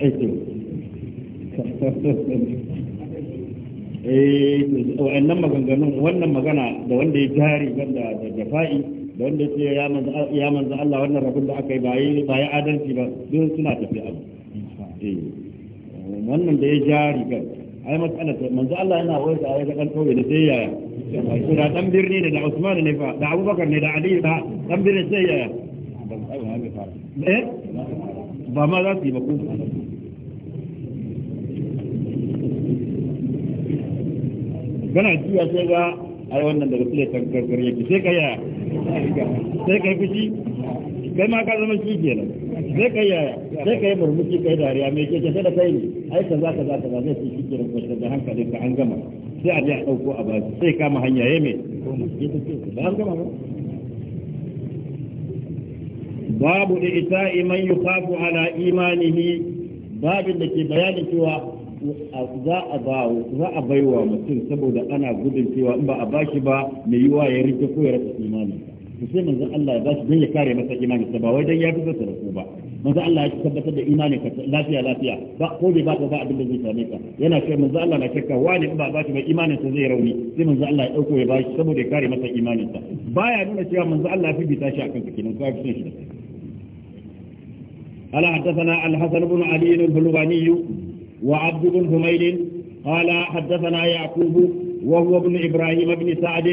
eh to eh, wannan maganganun wannan magana da wanda ya jari banda da jafa'i don da ce ya manzo Allah wannan rabin da aka yi bayi bayi adalci ba duk suna tafi abu eh, wannan da ya ja rigar ai matsala ta manzo Allah yana wai da ya kan kauye da sai da dan birni ne da Usman ne fa da Abubakar ne da Ali da dan birni sai yaya eh? ba ma za su yi ba ku kana jiya sai ga ai wannan daga filetan gargar yake sai ka yaya sai kai fushi kai ma ka zama shi kenan sai kai yaya sai kai murmushi kai dariya mai ke tafe da kai ne ai za kaza kaza zai ci shi kenan ko da hankali ka an gama sai a je a dauko a basu sai kama hanya yayi me ba an gama ba babu da ita iman yi yukhafu ala imanihi babin da ke bayanin cewa za a ba za a baiwa mutum saboda ana gudun cewa in ba a bashi ba mai yiwa ya rike ko ya rasa imani to sai manzon Allah ya bashi don ya kare masa imanin ba wai dan ya fi sa rasu ba manzon Allah ya tabbatar da imanin ka lafiya lafiya ba ko bai ba ba abin da zai same ka yana cewa manzon Allah na shakka wani in ba bashi ba imanin sa zai rauni sai manzon Allah ya dauko ya bashi saboda ya kare masa imanin sa baya nuna cewa manzon Allah ya fi bita shi akan kake nan ka fi shi ala قال حدثنا الحسن بن علي الهلواني وعبد بن حميد قال حدثنا يعقوب وهو ابن ابراهيم بن سعد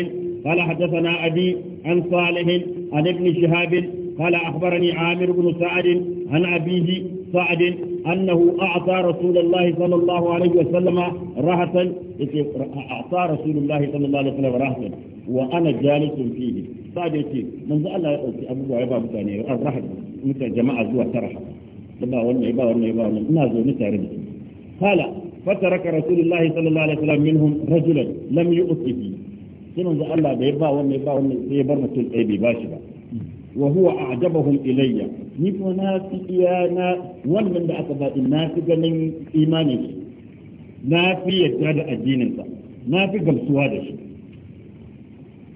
قال حدثنا أبي عن صالح عن ابن شهاب قال أخبرني عامر بن سعد عن أبيه سعد أنه أعطى رسول الله صلى الله عليه وسلم رهة أعطى رسول الله صلى الله عليه وسلم رهة وأنا جالس فيه سعد يتي من ذا الله أبو عبا بتاني الرهة مثل جماعة زوا ترحة يبا ولا يبا ولا يبا ولا نازل نتعرف قال فترك رسول الله صلى الله عليه وسلم منهم رجلا لم يؤته sai manzo Allah da ya ba wannan ya ba wannan sai ya bar mutum ɗaya bai bashi ba wa huwa a'jabahum ilayya ni kuma na fi iya na wannan da aka faɗi na fi ganin imanin na fi yadda da addinin sa na fi gamsuwa da shi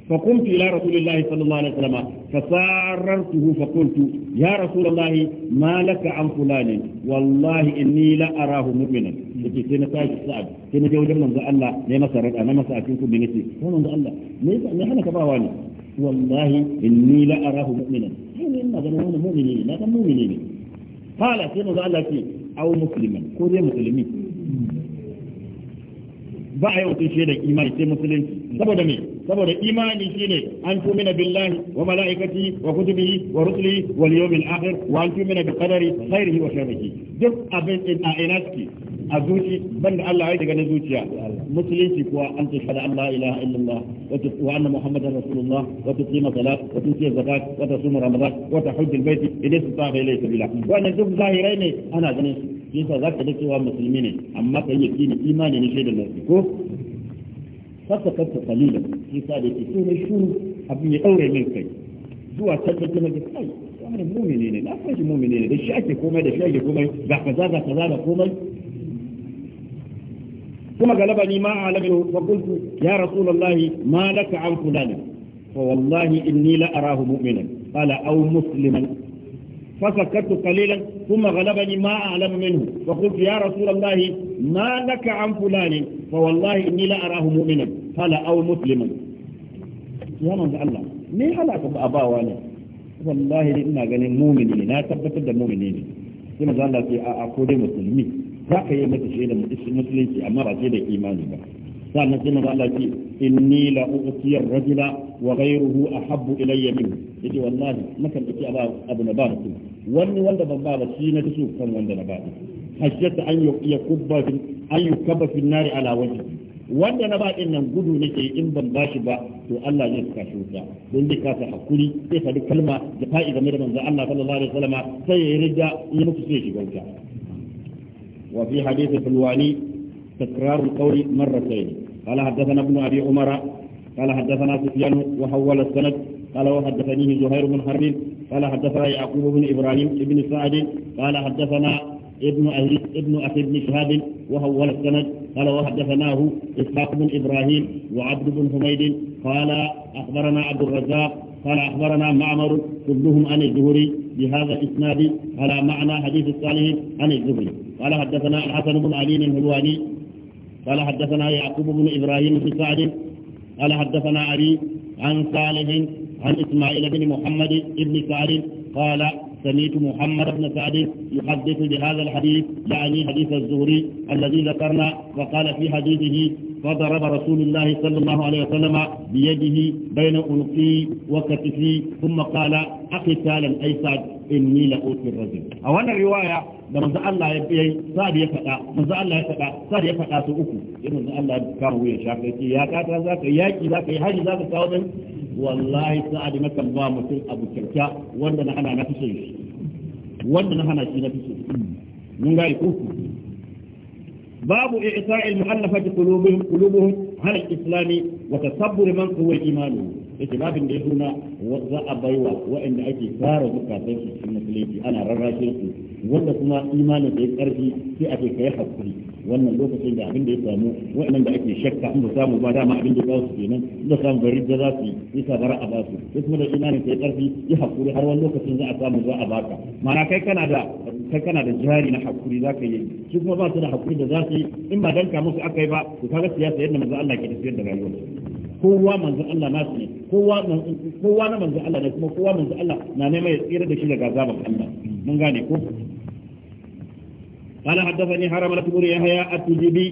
فقمت إلى رسول الله صلى الله عليه وسلم فساررته فقلت يا رسول الله ما لك عن فلان والله إني لا أراه مؤمنا sai na tashi sa'ad sai na ba a yau shi da imani sai musulunci saboda me saboda imani shine an tu tumina billahi wa malaikati wa kutubihi wa rusulihi wal yawmil akhir wa an tu tumina bi qadari khairihi wa sharrihi duk abin a ina a zuci banda Allah ya daga na zuciya musulunci kuwa an ce shada Allah ilaha illallah wa anna muhammadar rasulullah wa tuqima salat wa tuti zakat wa tasum ramadan wa tahujjul bait ilaysa ta'ala ilaysa wa ne duk zahirai ne ana ganin su shi yasa zaka da cewa musulmi ne amma kai yake da imani ne shaidar lafi ko saka kanta kalilan shi yasa da ke so shuru abin ya daure min kai zuwa tabbatar da kai wani mumini ne na fashi mumini ne da shi ake komai da shi ake komai ga kaza ga kaza ga komai ثم غلبني ما أعلمه فقلت يا رسول الله ما لك عن فلان فوالله إني لأراه مؤمنا قال أو مسلما فسكت قليلا ثم غلبني ما أعلم منه فقلت يا رسول الله ما لك عن فلان فوالله إني لا أراه مؤمنا قال أو مسلما يا من الله me halaka ba abawa ne wallahi ina ganin mumini na tabbatar da mumini ne sai manzo Allah a ko dai musulmi za ka yi mata musulunci amma ba sai da imani ba sannan sai manzo Allah ce inni la u'tiyar rajula wa ghayruhu ahabbu ilayya min yace wallahi nakan dace abu na ba mutum wani wanda ban ba shi na dace kan wanda na ba hajjata an yakubba an yukabba fi nari ala wajhi wanda na ba din nan gudu nake in ban bashi ba to Allah zai saka shi wuta don dai kasa hakuri sai faɗi kalma da fa'i game da manzo Allah sallallahu alaihi wasallam sai ya rida ya mutu sai shiga wuta wa fi hadith fulwani تكرار القول مرتين قال حدثنا ابن أبي عمر قال حدثنا سفيان وحول السند قال وحدثنيه زهير بن حرب قال حدثنا يعقوب بن إبراهيم بن سعد قال حدثنا ابن أهل ابن أخي بن شهاب وهو السند قال وحدثناه إسحاق بن إبراهيم وعبد بن حميد قال أخبرنا عبد الرزاق قال أخبرنا معمر كلهم عن الزهري بهذا الإسناد على معنى حديث الصالح عن الزهري قال حدثنا الحسن بن علي الهلواني قال حدثنا يعقوب بن إبراهيم بن سعد قال حدثنا أبي عن صالح عن إسماعيل بن محمد بن سعد قال سميت محمد بن سعد يحدث بهذا الحديث يعني حديث الزهري الذي ذكرنا وقال في حديثه فضرب رسول الله صلى الله عليه وسلم بيده بين أنقي وكتفي ثم قال أقتالا أي سعد إني لأوتي الرجل أولا الرواية da manzo Allah ya yi sa'ad ya faɗa manzo Allah ya faɗa sa'ad ya faɗa su uku ya manzo Allah ya kama wuyan shafi ce ya kata za ka yaki za ka yi hari za ka kawo din wallahi sa'ad na kan ba mutum abu kyauta wanda na hana na fi so wanda na hana shi na fi so mun ga ku babu i'ta'il mu'allafati qulubihim qulubuhum hal islami wa tasabbur man huwa imanu ikhtilafin da ya nuna za a baiwa waɗanda ake fara zukatan su cikin musulunci ana rarrashe su wanda kuma imanin da ya karfi sai a ce kai haƙuri wannan lokacin da abin da ya samu waɗannan da ake shakka in ba samu ba dama abin da za su kenan in ba samu bari da za su yi sa bara a ba su sai kuma da imanin da ya karfi ya haƙuri har wani lokacin za a samu za a baka ma'ana kai kana da kai kana da jari na hakuri za ka yi shi kuma ba su da haƙuri da za su yi in ba danka musu aka yi ba ku kaga siyasa yadda manzo Allah ke tafiyar da rayuwar kowa manzo Allah na ne kowa kowa na manzo Allah ne kuma kowa manzo Allah na neman ya tsira da shi daga azabar Allah mun gane ko قال حدثني حرملة بن يحيى التجيبي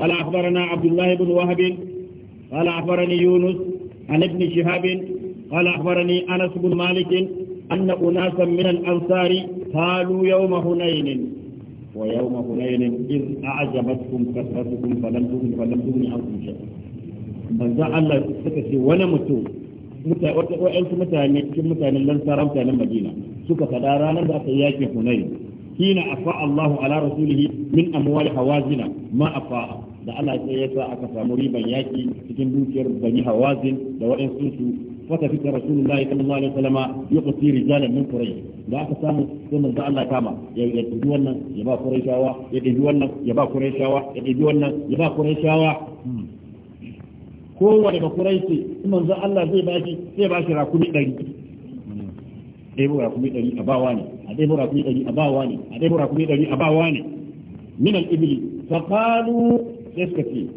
قال أخبرنا عبد الله بن وهب قال أخبرني يونس عن ابن شهاب قال أخبرني أنس بن مالك أن أناسا من الأنصار قالوا يوم هنين ويوم هنين إذ أعجبتكم كثرتكم فلم تغن فلم تغن عنكم شيئا manzan Allah suka ce wani mutum wa'yansu mutane cikin mutanen lansara mutanen madina suka faɗa ranar da aka yi yakin hunayi hina afa Allah ala rasulihi min amwali hawazina ma afa da Allah sai ya sa aka samu riban yaki cikin dukiyar bani hawazin da wa'yansu su fata fita rasulullahi sallallahu alaihi wasallama yuqti rijalan min quraish da aka samu sai manzo Allah kama ya dubi wannan ya ba qurayshawa ya dubi wannan ya ba qurayshawa ya dubi wannan ya ba qurayshawa kowane da kurai ce manzo Allah zai bashi zai bashi rakumi ɗari ɗebo rakumi ɗari a bawa ne a ɗebo rakumi ɗari a bawa ne a ɗebo rakumi ɗari a bawa ne min al-ibli fa qalu yaskati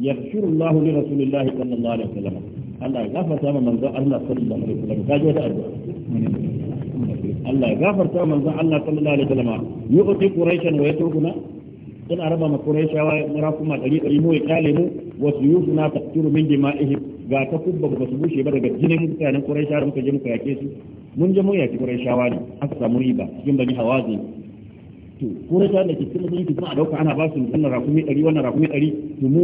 yaghfiru Allahu li rasulillahi sallallahu alaihi wasallam Allah ya gafarta ma manzo Allah sallallahu alaihi wasallam kaji wata addu'a Allah ya gafarta ma manzo Allah sallallahu alaihi wasallam yu'ti quraishan wa yatrukuna yana raba ma Qurayshawa kuma ɗari ɗari mu ya kyale mu wasu na taqtiru min jima'ihim ga ta kubba ba su bushe ba daga jinin mutanen Qurayshawa muka je muka yake su mun je mun yaki Qurayshawa ne aka samu riba cikin bani Hawazi to Qurayshawa da ke cikin musulunci kuma a dauka ana ba su wannan rakumi ɗari wannan rakumi ɗari to mu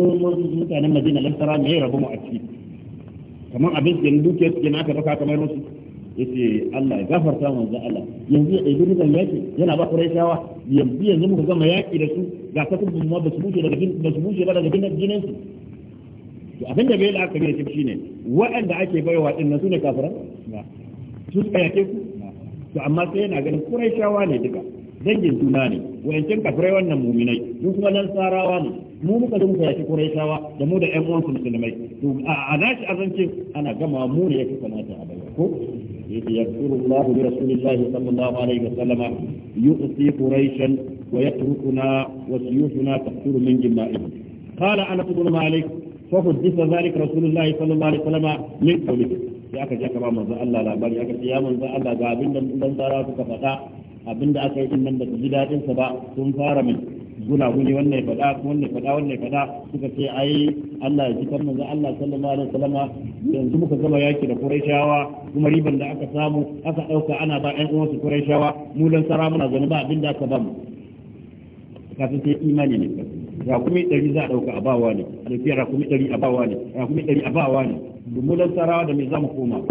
mutanen Madina lantara mai rabu mu a ciki kamar abin da duke suke na aka baka kamar wasu yace Allah ya gafarta manzo Allah yanzu ya ɗebi riban yaki yana ba Qurayshawa yanzu yanzu muka gama yaki da su ga takubun ma ba su bushe daga ba su bushe ba daga ginin su to abin da bai la'akari da shi ne waɗanda ake baiwa din nan sune kafiran su suka yake ku to amma sai yana ganin Qurayshawa ne duka dangin juna ne wayancin kafirai wannan muminai mu kuma nan sarawa ne mu muka zo muka yaki Qurayshawa da mu da ƴan uwansu musulmai to a nashi azancin ana gama mu ne yake kamata a baiwa ko يذكر الله لرسول الله صلى الله عليه وسلم يؤتي قريشا ويتركنا وسيوفنا تقتل من جمائهم قال أنس بن مالك فحدث ذلك رسول الله صلى الله عليه وسلم من قوله يا أخي يا كمان من الله لا بل يا أخي يا من الله قابل من ترى فقط abinda aka yi din nan da ji dadin sa ba sun fara min gunaguni wannan ya faɗa wannan ya faɗa wannan ya faɗa suka ce ai Allah ya ji kan manzo Allah sallallahu alaihi wasallam yanzu muka gama yaki da Qurayshawa kuma riban da aka samu aka dauka ana ba ƴan uwansu Qurayshawa mu dan sara muna gani ba abin da aka ba mu kafin sai imani ne rakumi ɗari za a ɗauka a bawa ne a ɗauki rakumi ɗari a bawa ne rakumi ɗari a bawa ne mu dan sarawa da me za mu koma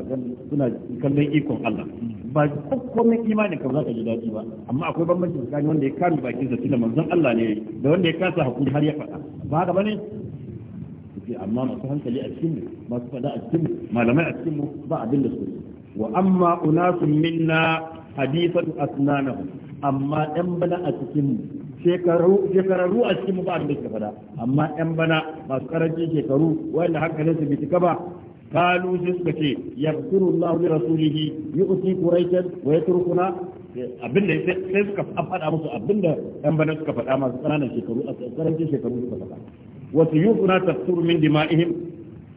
suna suna kallon ikon Allah ba komai imani ka za ka ji daɗi ba amma akwai bambanci tsakanin wanda ya kame bakin sa tunda manzon Allah ne da wanda ya kasa hakuri har ya faɗa ba haka bane sai amma masu hankali a cikin masu faɗa a cikin malamai a cikin ba abin da su wa amma unasun minna hadithatu asnanahum amma ɗan bana a cikin shekararru a cikin ba da suka fada amma yan bana masu karancin shekaru wanda hankalinsu bai bitika ba قالوا جسكتي يغفر الله لرسوله يؤتي قريشا ويتركنا abinda sai suka faɗa musu abinda ɗan bana suka faɗa masu ƙananan shekaru a ƙarancin shekaru suka faɗa wasu yi yukuna tafsir min dima'ihim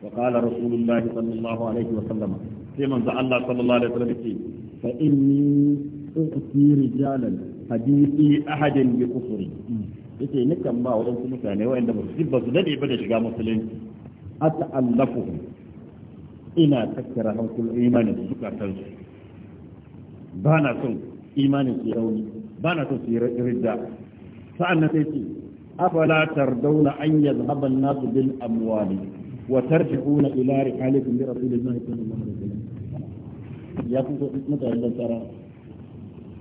wa qala rasulullahi sallallahu alaihi wa sallama sai manzo Allah sallallahu alaihi wa sallam ce fa inni uqti rijalan hadisi ahadin bi kufri yace nikan ba waɗansu mutane waɗanda ba su dade ba da shiga musulunci ata'allafuhum ina tattara hankul imanin su zukatan su ba na son imanin su rauni ba na son su yi ridda sa'an na sai ce afala tardauna an yadhhaba an-nasu bil amwali wa tarji'una ila rihalikum bi rasulillahi sallallahu alaihi wasallam ya kun so mutane da tsara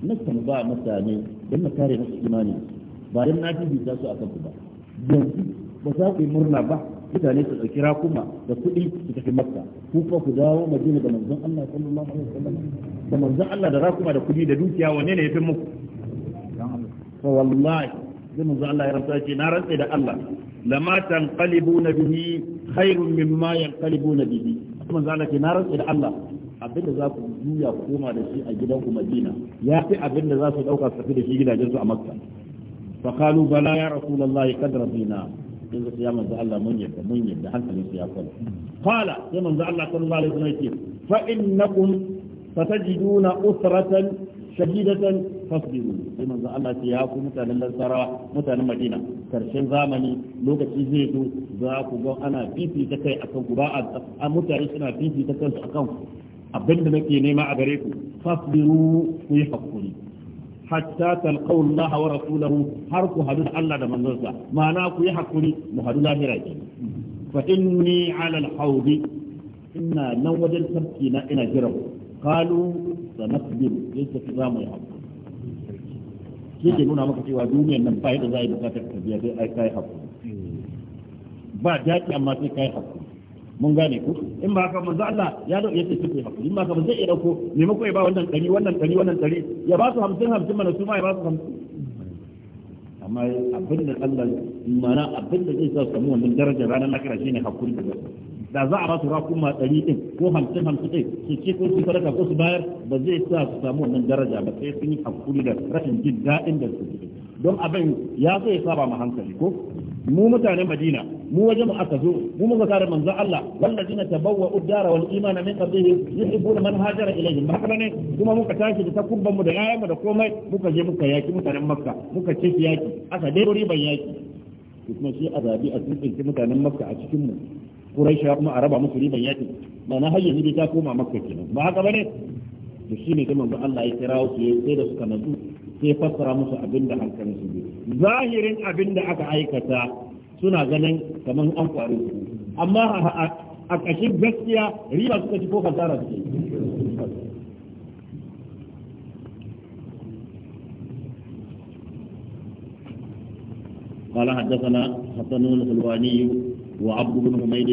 Na san ba mutane don na kare musu imani ba don na bibita su akan ku ba yanzu ba za ku yi murna ba mutane su ɗauki rakuma da kuɗi su tafi makka ku fa ku dawo madina da manzon Allah sallallahu alaihi wasallam da manzon Allah da rakuma da kuɗi da dukiya wanne ne ya fi muku fa wallahi manzon Allah ya rantsa ce na rantsa da Allah lama bihi khairun mimma bihi manzon Allah ce na rantsa da Allah abinda za ku juya ku koma da shi a gidan ku Madina ya fi abinda za su dauka su tafi da shi gidajen su a Makka fa qalu bala ya rasulullahi qad rabbina sun ga ya manzo Allah mun yadda mun yadda hankalin su ya kwala fala ya manzo Allah sallallahu alaihi wasallam yake fa innakum satajiduna usratan shadidatan fasbiru sai manzo Allah ya ku mutanen mutanen Madina karshen zamani lokaci zai zo za ku ga ana fifita kai akan guba a mutane suna kansu akan abinda nake nema a gare ku fasbiru ku yi hakuri hatta talqaw Allah wa rasulahu har ku hadu Allah da manzonsa ma'ana ku yi hakuri mu hadu lahira ke fa inni ala al-hawd inna nan wajen tafki na ina jira qalu sanasbiru yace ki za mu yi hakuri yake nuna maka cewa duniyar nan ba yadda za a yi bukatar tafiya sai ai kai hakuri ba daɗi amma sai kai hakuri mun gane ku in ba haka manzo Allah ya dauke yake suke hakuri in ba haka ba zai iya dauko maimakon ya ba wannan dari wannan dari wannan dari ya ba su 50 50 mana su ma ya ba su 50 amma abin da Allah mana abin da zai sa su mu wannan darajar ranar lakira shine hakuri da da za a ba su ma ɗari ɗin ko hamsin hamsin ɗin su ce ko su fara ko su bayar ba zai sa su samu wannan daraja ba sai sun yi hakuri da rashin jin daɗin da su don abin ya zai saba ma hankali ko mu mutanen Madina mu wajen aka zo mu muka kare manzo Allah wallazina tabawwa ad-dara wal imana min qablihi yuhibbuna man hajara ilayhim haka ne kuma muka tashi da takubban mu da yayan mu da komai muka je muka yaki mutanen Makka muka ce yaki aka dai riban yaki kuma shi azabi a cikin mutanen Makka a cikin mu Quraisha kuma a raba musu riban yaki ma'ana har yanzu ta koma Makka kenan ba haka bane to shine da manzo Allah ya kira su sai da suka nazu sai fassara musu abin da hankalin su zahirin abin da aka aikata suna ganin kamar an faru su amma a ƙashin gaskiya riba suka ci ko fasara su قال حدثنا حسن بن الحلواني وعبد بن حميد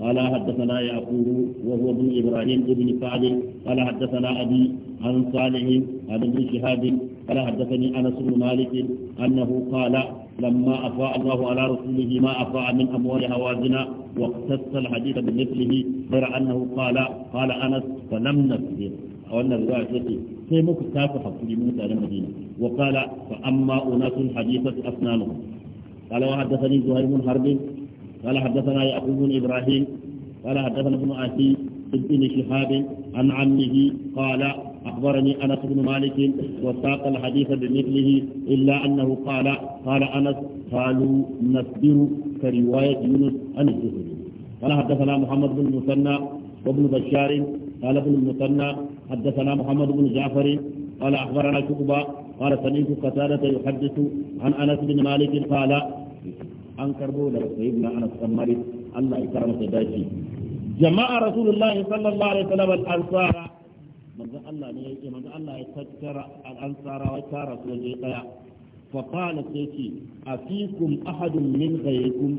قال حدثنا يعقوب وهو ابن ابراهيم بن سعد قال حدثنا ابي عن صالح عن ابن شهاب قال حدثني انس بن مالك انه قال لما افاء الله على رسوله ما افاء من اموال هوازن واقتص الحديث بمثله غير انه قال قال انس فلم نكذب او ان الروايه التي في موك كافه في المدينه وقال فاما اناس الحديث اسنانهم قال وحدثني زهير بن حرب قال حدثنا يعقوب بن ابراهيم قال حدثنا ابن عتيق ابن شهاب عن عمه قال أخبرني أنس بن مالك وساق الحديث بمثله إلا أنه قال قال أنس قالوا نصبر كرواية يونس عن الزهري قال حدثنا محمد بن المثنى وابن بشار قال ابن المثنى حدثنا محمد بن جعفر قال أخبرنا شعبة قال سمعت قتادة يحدث عن أنس بن مالك قال أنكر بولا سيدنا أنس بن مالك الله يكرمك داشي jama'a rasulullah sallallahu alaihi wasallam al-ansara manzo Allah ne yake manzo Allah ya tattara al-ansara wa tara su waje daya fa qala sayyi afikum ahadun min ghayrikum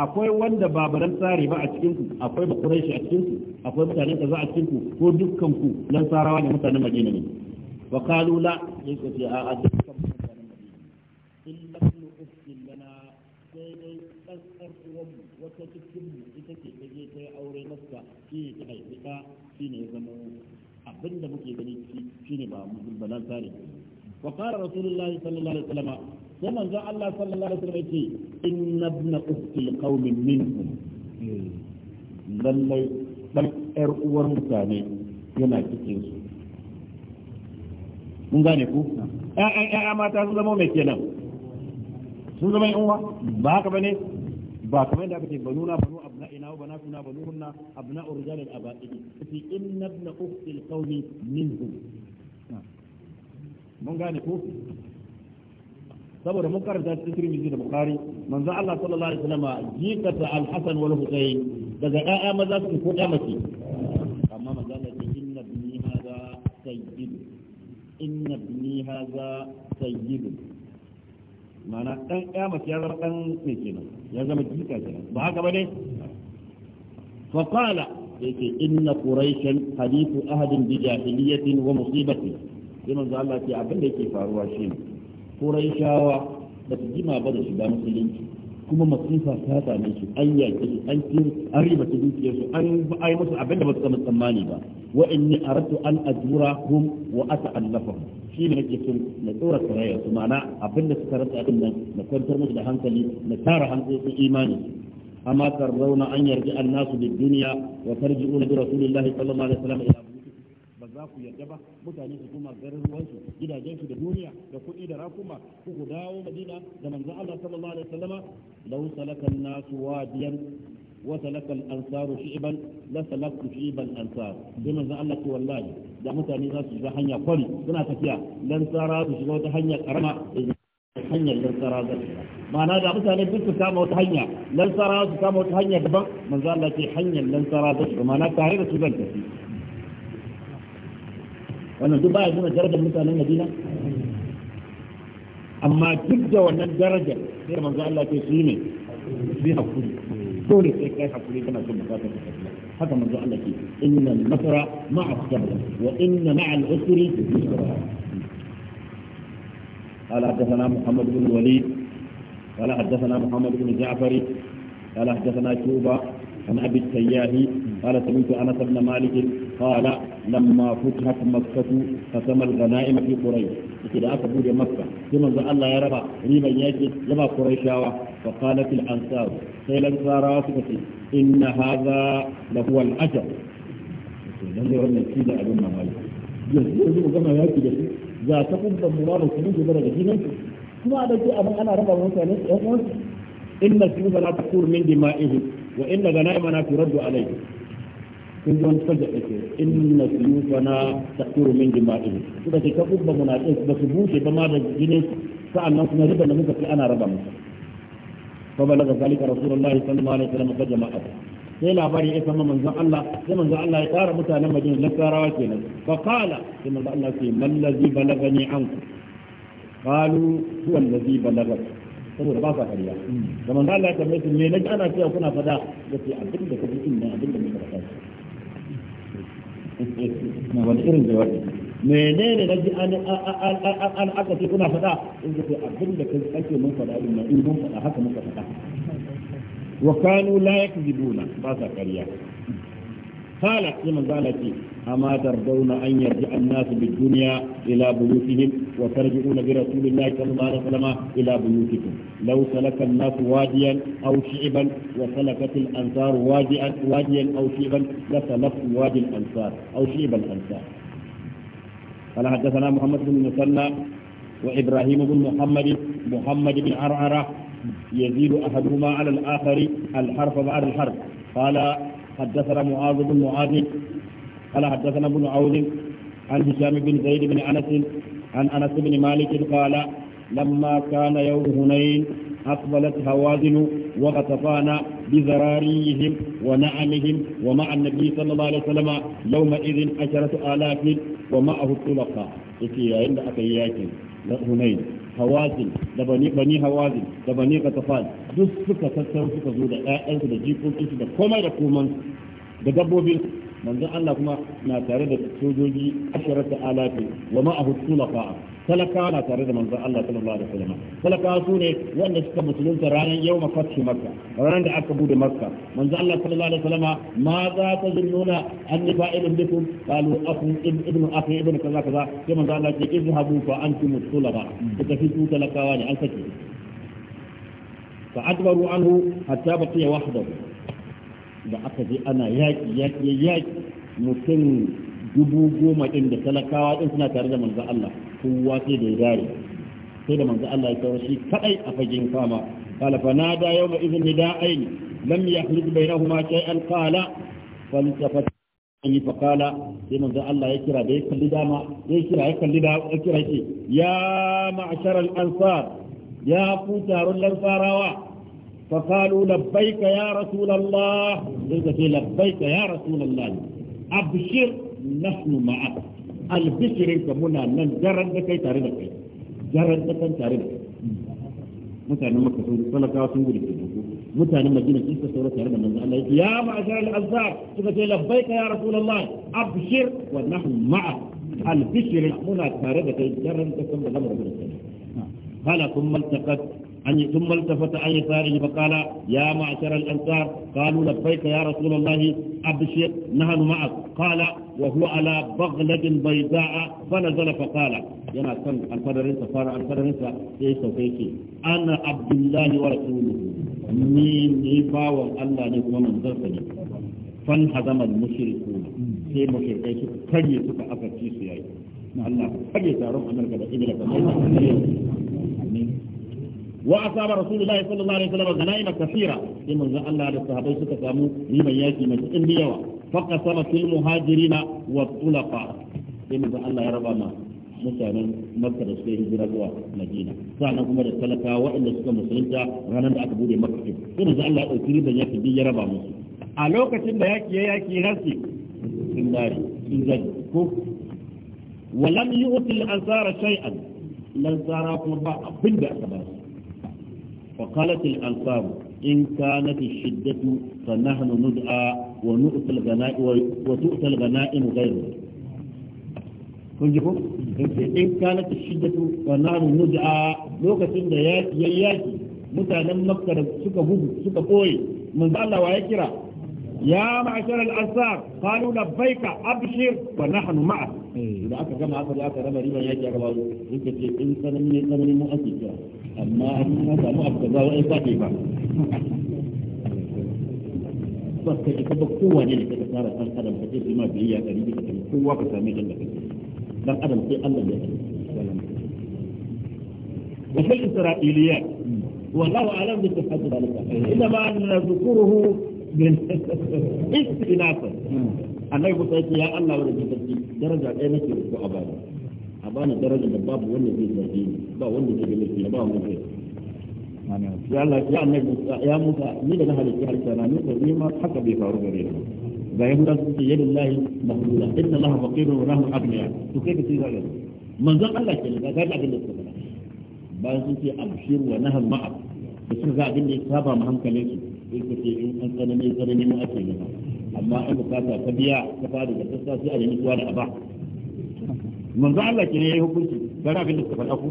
akwai wanda ba baran tsari ba a cikin ku akwai bakuraishi a cikin ku akwai mutane da za a cikin ku ko dukkan ku nan sarawa ne mutanen Madina ne wa qalu la yake ce a dukkan mutanen Madina illa ibn lana sai dai kasar uwan wata cikin mu take ta je ta yi aure masa shi ne ta haifi ɗa shi ne ya zama abinda muke gani shi ne ba musulmanan tare wa qala rasulullah sallallahu alaihi wasallam sai manzo Allah sallallahu alaihi wasallam yace inna ibn ukhti qaumin minkum lallai dan ƴar uwar mutane yana cikin su mun gane ku ƴaƴan ƴaƴa mata sun zama mai kenan sun zama ƴan uwa ba haka ba ne? ba kamar yadda aka ce banuna banu abna'ina wa banatuna banuhunna abna'u rijal al-aba'id fi inna ibn ukhti al-qawmi minhum mun gane ko saboda mun karanta cikin Tirmidhi da Bukhari manzo Allah sallallahu alaihi wasallam jikata al-Hasan wal Husayn daga ƴaƴa maza su ko ƴa mace amma manzo Allah ya ce inna ibni hadha sayyid inna ibni hadha sayyid mana ɗan ya mace ya zama dan ne kenan ya zama jika kenan ba haka ba ne? fa qala yake inna quraishan hadithu ahadin bi jahiliyatin wa musibatin sai manzo Allah ya abin da yake faruwa shine quraishawa ba su jima ba da shiga musulunci kuma masifa ta same su an yaƙi su an kin an riba su dukiyar su an ai musu abin ba su tsamma tsammani ba wa inni aratu an ajura hum wa ata ata'allafa shi ne nake son na tsora karaya su ma'ana abinda da suka rasa din nan na kwantar musu da hankali na tara hankalin imani amma tarzauna an yarji annasu bid duniya wa tarji'una bi rasulillahi sallallahu alaihi wasallam ila za ku yarda ba mutane su kuma garin ruwansu gidajensu da duniya da kuɗi da rakuma ku ku dawo madina da manzo Allah sallallahu alaihi wasallama law salaka an-nasu wadiyan wa salaka al-ansaru shi'ban la salaktu shi'ban ansar sai manzo Allah ce wallahi da mutane za su shiga hanya kwari suna tafiya dan tsara su shiga wata hanya karama hanyar dan tsara za ma'ana da mutane duk su kama wata hanya lansara su kama wata hanya daban manzo Allah ce hanyar lansara ta shiga ma'ana tare da su zan tafi wannan duk baya nuna darajar mutanen Madina amma duk da wannan darajar sai manzo Allah ke su ne bi hakuri dole sai kai hakuri kana son bukatar ka haka manzo Allah ke inna al-masra ma'a sabr wa inna ma'a al-usri yusra قال حدثنا محمد بن الوليد قال حدثنا محمد بن جعفر قال حدثنا شوبه عن ابي التياه قال سمعت انس بن مالك قال لما فتحت مكه ختم الغنائم في قريش اذا اتى الى مكه ثم قال يا رب ريما ياتي لما قريش فقالت الانصار قيل الانصار ان هذا لهو الاجر ان za ta kubba ياتي wani kudin da daga jinin kuma da ke abin ana raba mutane ɗan uwan ان su لا ta من dima'ihin wa inna ganaimana turaddu alayhi kun wani sajja ɗake inna suyufana taqiru min jima'in suka ce kafin ba munafiq ba su bushe ba ma da jinin sa'annan kuma riba da muka fi ana raba musu fa balaga zalika rasulullahi sallallahu alaihi wasallam fa jama'a sai labari ya sama manzon Allah sai manzon Allah ya tsara mutanen Madina lakarawa kenan fa qala sai manzon Allah ce man ladhi balagani anku qalu huwa alladhi balagani saboda ba sa ƙarya da manzo Allah ya tambaye su me naji ana cewa kuna fada da ce abin da kaji cikin nan abin da muka faɗa na wani irin jawabi me ne menene naji an an aka ce kuna fada in ce abin da kaji ake mun fada din nan in mun fada haka muka fada wa kanu la yakzibuna ba sa ƙarya قالت لمن قالت أما ترضون أن يرجع الناس بالدنيا إلى بيوتهم وترجعون برسول الله صلى الله عليه وسلم إلى بيوتكم لو سلك الناس واديا أو شعبا وسلكت الأنصار واديا, واديا أو شعبا لسلكت وادي الأنصار أو شعب الأنصار قال حدثنا محمد بن مثنى وإبراهيم بن محمد محمد بن عرعرة يزيد أحدهما على الآخر الحرف بعد الحرف قال حدثنا معاذ بن معاذ قال حدثنا ابن عوض عن هشام بن زيد بن انس عن انس بن مالك قال لما كان يوم هنين أقبلت هوازن وغطفان بزراريهم ونعمهم ومع النبي صلى الله عليه وسلم يومئذ عشرة آلاف ومعه الطلقاء. عند إيه هنين hawazin da bani bani hawazin da bani katafal duk suka suka zo da ƴaƴansu da jikokinsu da komai da komai da dabbobin manzon Allah kuma na tare da sojoji asharata alafi wa ma'ahu tulaqa talaka na tare da manzon Allah sallallahu alaihi wasallam talaka su ne wanda suka musulunta ranar yau mafashi makka ranar da aka bude makka manzon Allah sallallahu alaihi wasallam ma za ta zunnuna anni fa'ilun bikum qalu akhu ibn akhi ibn kaza kaza sai manzon Allah ya ce izhabu fa antum tulaqa ku tafi ku talakawa ne an sake فأدبروا عنه حتى بقي وحده da aka je ana yaƙi yaƙi yaƙi mutum dubu goma ɗin da talakawa ɗin suna tare da manzo Allah kowa sai da ya dare sai da manzo Allah ya saurashi kaɗai a fagen fama qala fa nada yawma idhin nida'ain lam yahrid bainahuma shay'an qala faltafat yi faƙala sai manzo Allah ya kira da ya kalli dama ya kira ya kalli da ya kira ya ma'ashar al-ansar ya ku taron lansarawa فقالوا لبيك يا رسول الله قلت لبيك يا رسول الله أبشر نحن معك البشر انت من جرد لك تاردك جرد لك تاردك متعنى مكة سورة صلى الله عليه وسلم متعنى مدينة إنسة سورة تاردة من الله يا معجر الأزار قلت لبيك يا رسول الله أبشر ونحن معك البشر منا تاردك جرد لك تاردك قال ثم التقت أن ثم التفت عن يساره فقال يا معشر الأنصار قالوا لبيك يا رسول الله أبشر نحن معك قال وهو على بغلة بيضاء فنزل فقال يا سن الفدر سفار الفدر إيه سوفيكي أنا عبد الله ورسوله مين إباوة الله نكون من ذلك فانهزم المشركون sai mashirkai suka karye suka aka ci su yayi Allah karye taron Amurka da Ingila da Malaysia واصاب رسول الله صلى الله عليه وسلم غنائم كثيره لمن الله للصحابه suka samu liman yaki mai cikin yawa faqasama fil muhajirin wa tulaqa liman Allah ya raba mutanen makka da suka hijira zuwa madina sannan kuma da talaka waɗanda suka musulunta ranar da aka bude makka din sai Allah ya dauki liman yaki ya raba musu a lokacin da yaki ya yaki rasi sun dare sun gaji ko ولم يؤت الأنصار شيئا الأنصار كما أبدا أبدا فقالت الأنصار إن كانت الشدة فنحن ندعى ونؤتى الغنائم الغنائم غيره kunjiko in shidda shiddatu wa mu nud'a lokacin da yayi yaki mutanen makka da suka gudu suka koyi manzo Allah ya kira ya ma'ashar al-ansar qalu labbaika abshir wa nahnu ma'a da aka gama aka aka rama riban yaki aka bawo yake ce in sanin ne sanin mu ake kira amma an yi mu abu kaza wani sa ba ba ka ji kaba kowa ne da ka tsara san adam ka ce ma ya ɗari bisa ɗari kowa ka sami shi da ce dan adam sai Allah ya ce wa fil isra'iliyat wallahu a'lam bi tahaddu dalika inna ma nadhkuruhu bin istinafan hmm. annabi musa ya Allah wanda ke daraja ɗaya nake da ku a baya bani daraja da babu wanda zai zargi ba wanda zai gani shi ba wanda zai ya Allah ya annabi ya Musa ni da na halitta harka na ni ni ma haka bai faru gare ni ga yahuda su ce yadin lahi mahmula inna laha wa nahnu aghniya to kai manzon Allah ke ga ga abin da suka faɗa bayan ce abshir wa nahal ma'a da sun ga abin da ya saba mu hankalin su sai ka ce in an tsananin tsanani mu ake nema amma an bukata ta biya ta fara da sassa sai a nemi tuwa da aba manzo Allah ke ya yi hukunci gara abin da suka faɗa ku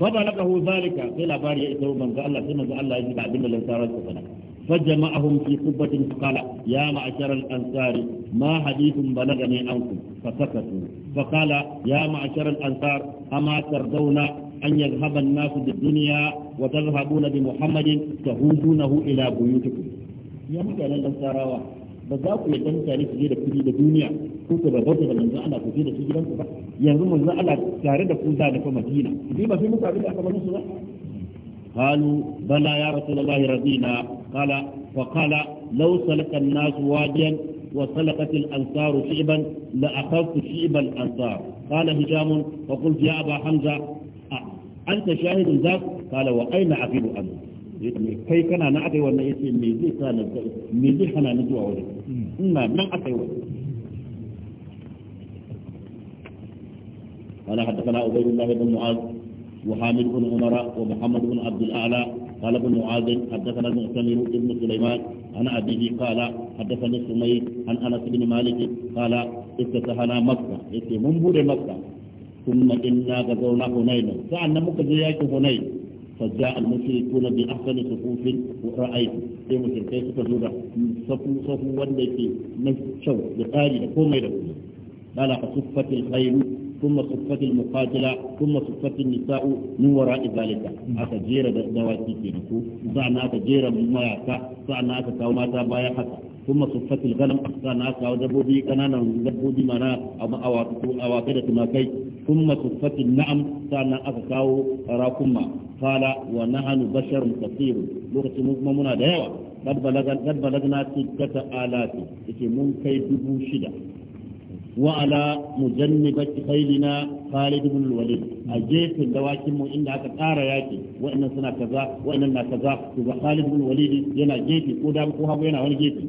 fa ba laqahu zalika sai labari ya ita manzo Allah sai manzo Allah ya ji abin da lansarar suka faɗa fa jama'ahum fi qubbatin qala ya ma'ashar al-ansari ma hadithun balagha min ankum fa sakatu fa qala ya ma'ashar al-ansar ama tardawna an yadhhaba an-nas bid-dunya wa tadhhabuna bi muhammadin tahuduna ila buyutikum ya mutanen lansarawa ba za ku yadda mutane su je da kuɗi da duniya ko ku da bauta da manzo Allah ku je da su gidanku ba yanzu manzo Allah tare da ku za da fa Madina ku ba sai muka da aka bar su ba قالوا بلى يا رسول الله رضينا قال فقال al سلك الناس واديا وسلكت الأنصار شعبا لأخذت شعب الأنصار قال هشام فقلت يا أبا حمزة أنت شاهد ذاك wa وأين عقيل أمر kai kana na wannan yace me zai sa na me zai hana ni zuwa ina nan قال حدثنا عبيد الله بن معاذ وحامد بن عمر ومحمد بن عبد الاعلى قال ابن معاذ حدثنا المعتمر بن سليمان عن ابيه قال حدثني سمير عن انس بن مالك قال افتتحنا مكه يتي من مكه ثم انا غزونا هنينا فأنا مكه زياك هنين فجاء المشركون بأحسن صفوف رأيت sai mushrikai suka zo da safu safu wanda ke na kyau da tsari da komai da komai bala a suffatil khairu ثم صفت المقاتلة ثم صفت النساء من وراء ذلك أتجير دواتي كنكو سعنا أتجير مياكا سعنا أتكاو ماتا بايا حتى ثم صفت الغنم أقصاناك ودبودي كنانا ودبودي مانا أواقع تماكي ثم صفت النعم سانا أفكاو راكما قال ونحن بشر كثير لغة مؤمنة ديوة قد بلغنا قد بلغنا ستة آلاف يتي من كي دبو شدة وعلى مجنبة خيلنا خالد بن الوليد أجيت الدواكم وإن هكا قارا ياكي وإن سنة كذا وإن كذا خالد بن الوليد ينا جيتي قدام قوها وينا وين جيتي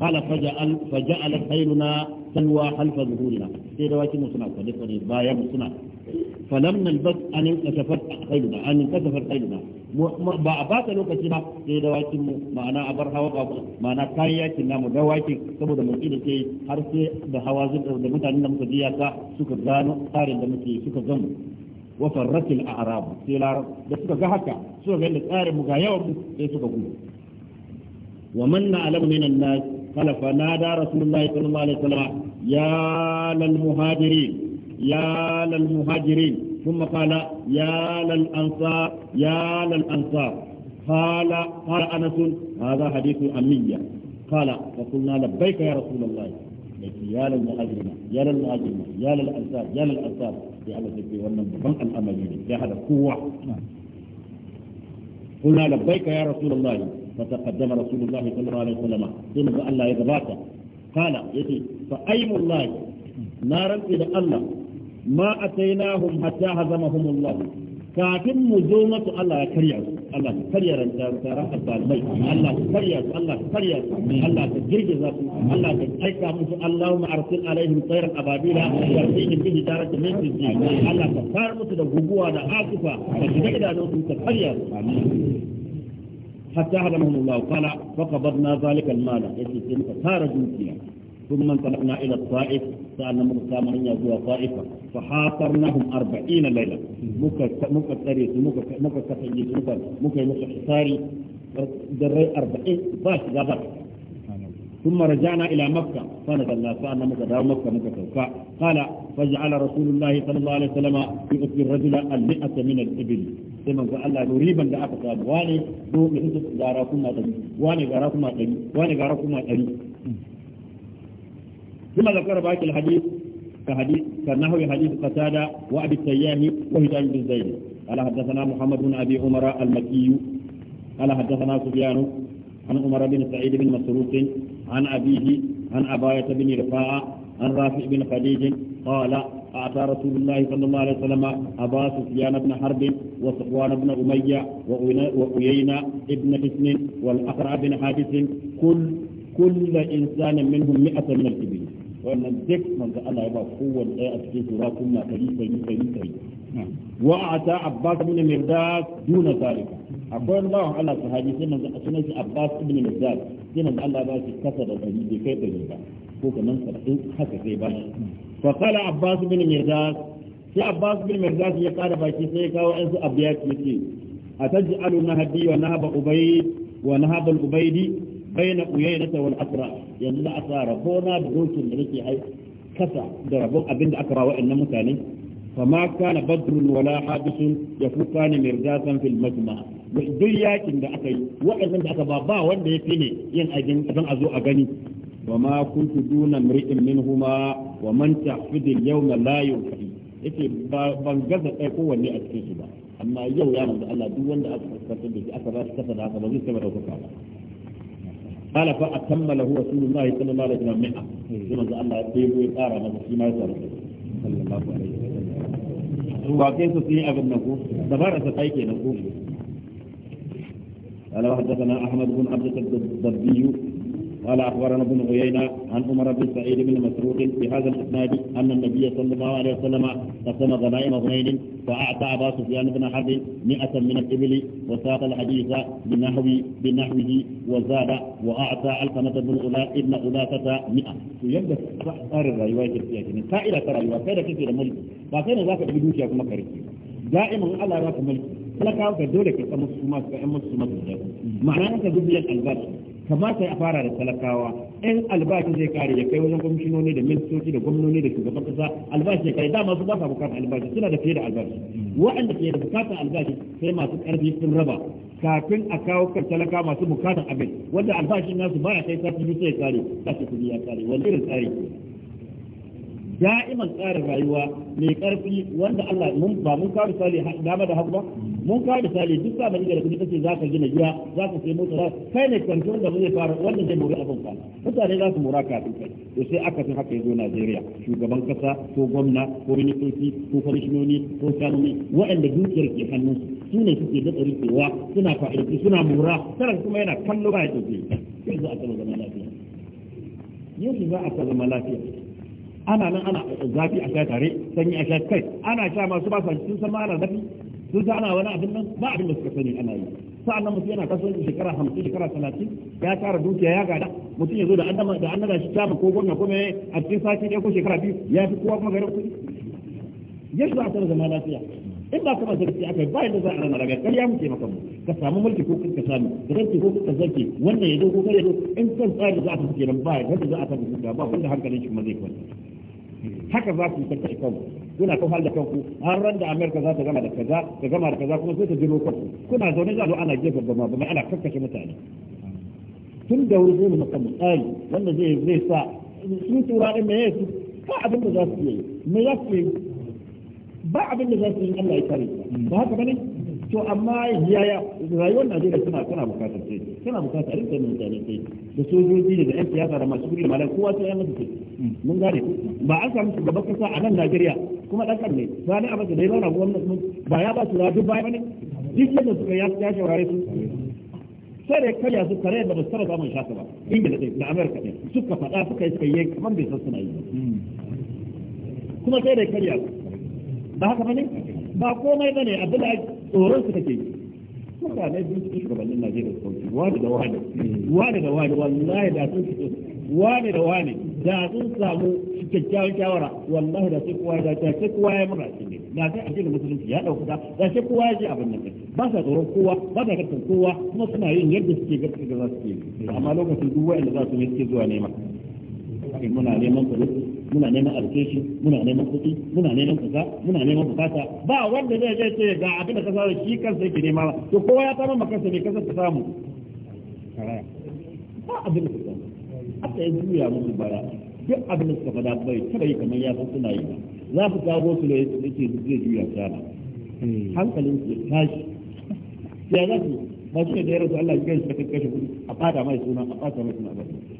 قال فجعل فجعل خيرنا تلوى خلف ظهورنا sai da wakin suna kwale kwale baya suna falam nan bas an kasafar khairuna an kasafar khairuna ba a baka lokaci ba sai da wakin mu ma'ana a bar hawa ba ma'ana kayan yakin namu da wakin saboda mun da ke har sai da hawa da mutanen da muka ji yaka suka gano tsarin da muke suka gamu wa farratil a'rab sai larab da suka ga haka suka ga da tsarin mu ga yawan mu sai suka gudu ومن أعلم من الناس قال فنادى رسول الله صلى الله عليه وسلم يا للمهاجرين يا للمهاجرين ثم قال يا للأنصار يا للأنصار قال قال أنس هذا حديث أمية قال فقلنا لبيك يا رسول الله يا للمهاجرين يا للمهاجرين يا للأنصار يا للأنصار في الله سبحانه وتعالى الأمل يا هذا قوة نعم. قلنا لبيك يا رسول الله فتقدم رسول الله صلى الله عليه وسلم ثم قال الله يتباكى قال يتي فأيم الله نارا إلى الله ما أتيناهم حتى هزمهم الله kafin mu zo masu Allah ya karya su Allah ya karya rantaran albalmai Allah ya karya su Allah ya karya su Allah ya girgiza su Allah ya aika musu Allahumma arsil alaihim tayran ababila yarfihim bihi darat da guguwa da asifa da shiga idanun su karya حتى هدمهم الله قال فقبضنا ذلك المال يسي جنسيا ثم انطلقنا إلى الطائف سألنا مقام هي زوا طائفة فحاصرناهم أربعين ليلة مكة تريس مكة تحيي مكة مكة حصاري دري أربعين باش غابت ثم رجعنا إلى مكة الله فأنا مكة مكة مكة قال فجعل رسول الله صلى الله عليه وسلم يؤتي الرجل المئة من الإبل ثم قال الله نريبا لأبقى واني دو بحسب داراكما تبي واني غاراكما تبي واني غاراكما تبي ثم ذكر باقي الحديث كحديث كنحو حديث قتادة وأبي السياه وهشام بن زيد قال حدثنا محمد بن أبي عمر المكي قال حدثنا سفيان عن عمر بن سعيد بن مسروق عن أبيه عن أباية بن رفاعة عن رافع بن خديج قال أعطى رسول الله صلى الله عليه وسلم أبا سفيان بن حرب وصفوان بن أمية وأيينة بن حسن والأقرع بن حادث كل كل إنسان منهم مئة من الإبل wannan duk manzo Allah ya ba kowanne ɗaya a cikin sura kunna kari kari kari kari wa ata abbas ibn mirdad duna tarika akwai wani bawan Allah sahabi sai manzo sunan shi abbas ibn mirdad sai manzo Allah ba shi kasa da kari bai kai kari ba ko kaman sabbin haka sai ba fa qala abbas ibn mirdad sai abbas ibn mirdad ya kada baki sai ya kawo ɗansu abiyat yake ataj'alu nahdi wa nahaba ubayd wa nahaba al-ubaydi baina uyainata wal asra yanzu za a sa rabona da dokin da nake ai kasa da rabon abin da aka ba wa'annan mutane فما كان بدر ولا حادث يفوقان مرجاسا في المجمع duk yakin da aka yi waɗannan da aka ba ba wanda ya fi ne yin ajin don a zo a gani wa ma kuntu duna mri'in minhuma wa man tahfidil yawma la yufi yace ban gaza kai kowanne a cikin su ba amma yau ya manzo Allah duk wanda aka fuskantar da aka ba shi kasa da aka ba zai taba da kuka ba قال فأتم له رسول الله صلى الله عليه وسلم 100 كما الله يقول يقارى ما في ما يصير صلى الله عليه وسلم وكيف سي ابن نكو دبارة تايكي نكو قال وحدثنا أحمد بن عبد الدبي قال اخبرنا ابن عيينه عن عمر بن سعيد بن مسروق بهذا الاسناد ان النبي صلى الله عليه وسلم قسم غنائم غنين فاعطى ابا سفيان بن حرب 100 من الابل وساق الحديث بنحو بنحوه وزاد واعطى القمه بن اولى ابن أولاثة 100 يبدا صار الروايه كده كده فائده ترى الروايه كثيره ملك بعدين ذاك بدوش يا كريم دائما الله راس ملك talakawa ka dole ka tsamu musu masu ka masu musu da ma'ana ka dubiyan albashi kamata a fara da talakawa yan albashi zai kare ya kai wajen kwamishinoni da ministoci da gwamnoni da shugaban kasa albashi ya kare dama su ba sa bukatar albashi suna da fiye da albashi waɗanda ke da bukatar albashi sai masu karfi sun raba kafin a kawo kan talaka masu bukatar abin wanda albashi nasu baya kai sati biyu sai kare sati kudi ya kare wani irin tsari da'iman tsarin rayuwa mai karfi wanda Allah mun ba mun kawo misali dama da hagu ba mun kawo da sali duk sa da kudi kace za ka gina gida za ka sai mota kai ne kwantar da muke fara wanda zai mori abin ka mutane za su mura kafin kai to sai aka fi haka yazo Najeriya shugaban kasa ko gwamna ko ministoci ko kwamishinoni ko shanuni waɗanda dukiyar ke hannun su ne suke da tsarikewa suna fa'idanci suna mura sarar kuma yana kallo ba ya tafi sai za a tsaro zama lafiya yau za a tsaro zama lafiya ana nan ana zafi a sha tare sanyi a sha kai ana sha masu ba sun san ma ana zafi sun sa ana wani abin nan ba abin da suka sani ana yi sa'an mutum yana kasuwanci shekara hamsin shekara talatin ya tara dukiya ya gada mutum ya zo da an da an nada shi tama ko gwamna ko mai a cikin sati ɗaya ko shekara biyu ya fi kowa kuma garin kuɗi ya shi a tara zama lafiya in ba kama sarki aka yi bayan da za a rana daga ƙarya muke maka mu ka samu mulki ko ka samu da ranki ko ka zarki wannan ya zo ko kare ya in kan tsari za a tafi kenan ba yadda za a tafi ba wanda hankalin shi ma zai kwanta haka za ku tantar kanku kuna kan da kanku har ran da Amerika za ta gama da kaza ta gama da kaza kuma sai ta jiro kanku kuna zaune za ana gefe da ma ana kakkashe mutane tun da wuri zai maka misali wanda zai zai sa sun tura ɗin mai su ba abin da za su yi me za su yi ba abin da za su yi Allah ya kare ba haka ba ne. to amma yaya rayuwar Najeriya suna tana bukatar sai tana bukatar a rinka mutane sai da sojoji da yan siyasa da masu gudu malam kowa sai ya mutu sai mun gane ba an samu shugaban kasa a nan Najeriya kuma dan kan ne sani abin da dai rana gwamnati ba ya ba su ra duk baya bane duk yadda suka ya ya shawara su sai da karya su kare da basu taba samun shaka ba Ingila da Amerika ne suka faɗa suka yi suka yi kamar bai san suna yi kuma sai da karya ba haka ba ne ba komai ne abin da tsoron su take yi mutane biyu su shugabannin Najeriya su kauce wani da wani wani da wani wallahi da sun fito wani da wani da sun samu kyakkyawan shawara wallahi da sai kowa ya ta sai kowa ya mura shi ne da sai addinin musulunci ya dauka da sai kowa ya ji abin nan ba sa tsoron kowa ba sa karkar kowa kuma suna yin yadda suke ga suke za su yi amma lokacin duk wanda za su ne suke zuwa nema kai muna neman tsaro muna neman alkeshi muna neman kuɗi muna neman kaza muna neman bukata ba wanda zai je ce ga abin da ka samu shi kansa yake nema ba to kowa ya samu makansa sai kansa ta samu karaya ba abin da ka samu aka yi juya musu bara duk abin da suka fada bai taba yi kamar ya san suna yi ba za ku kawo su ne yake zai juya sana eh. hankalin su tashi ya za su na ce da rasu Allah ya shi kai kashe kudi a fata mai suna a fata mai suna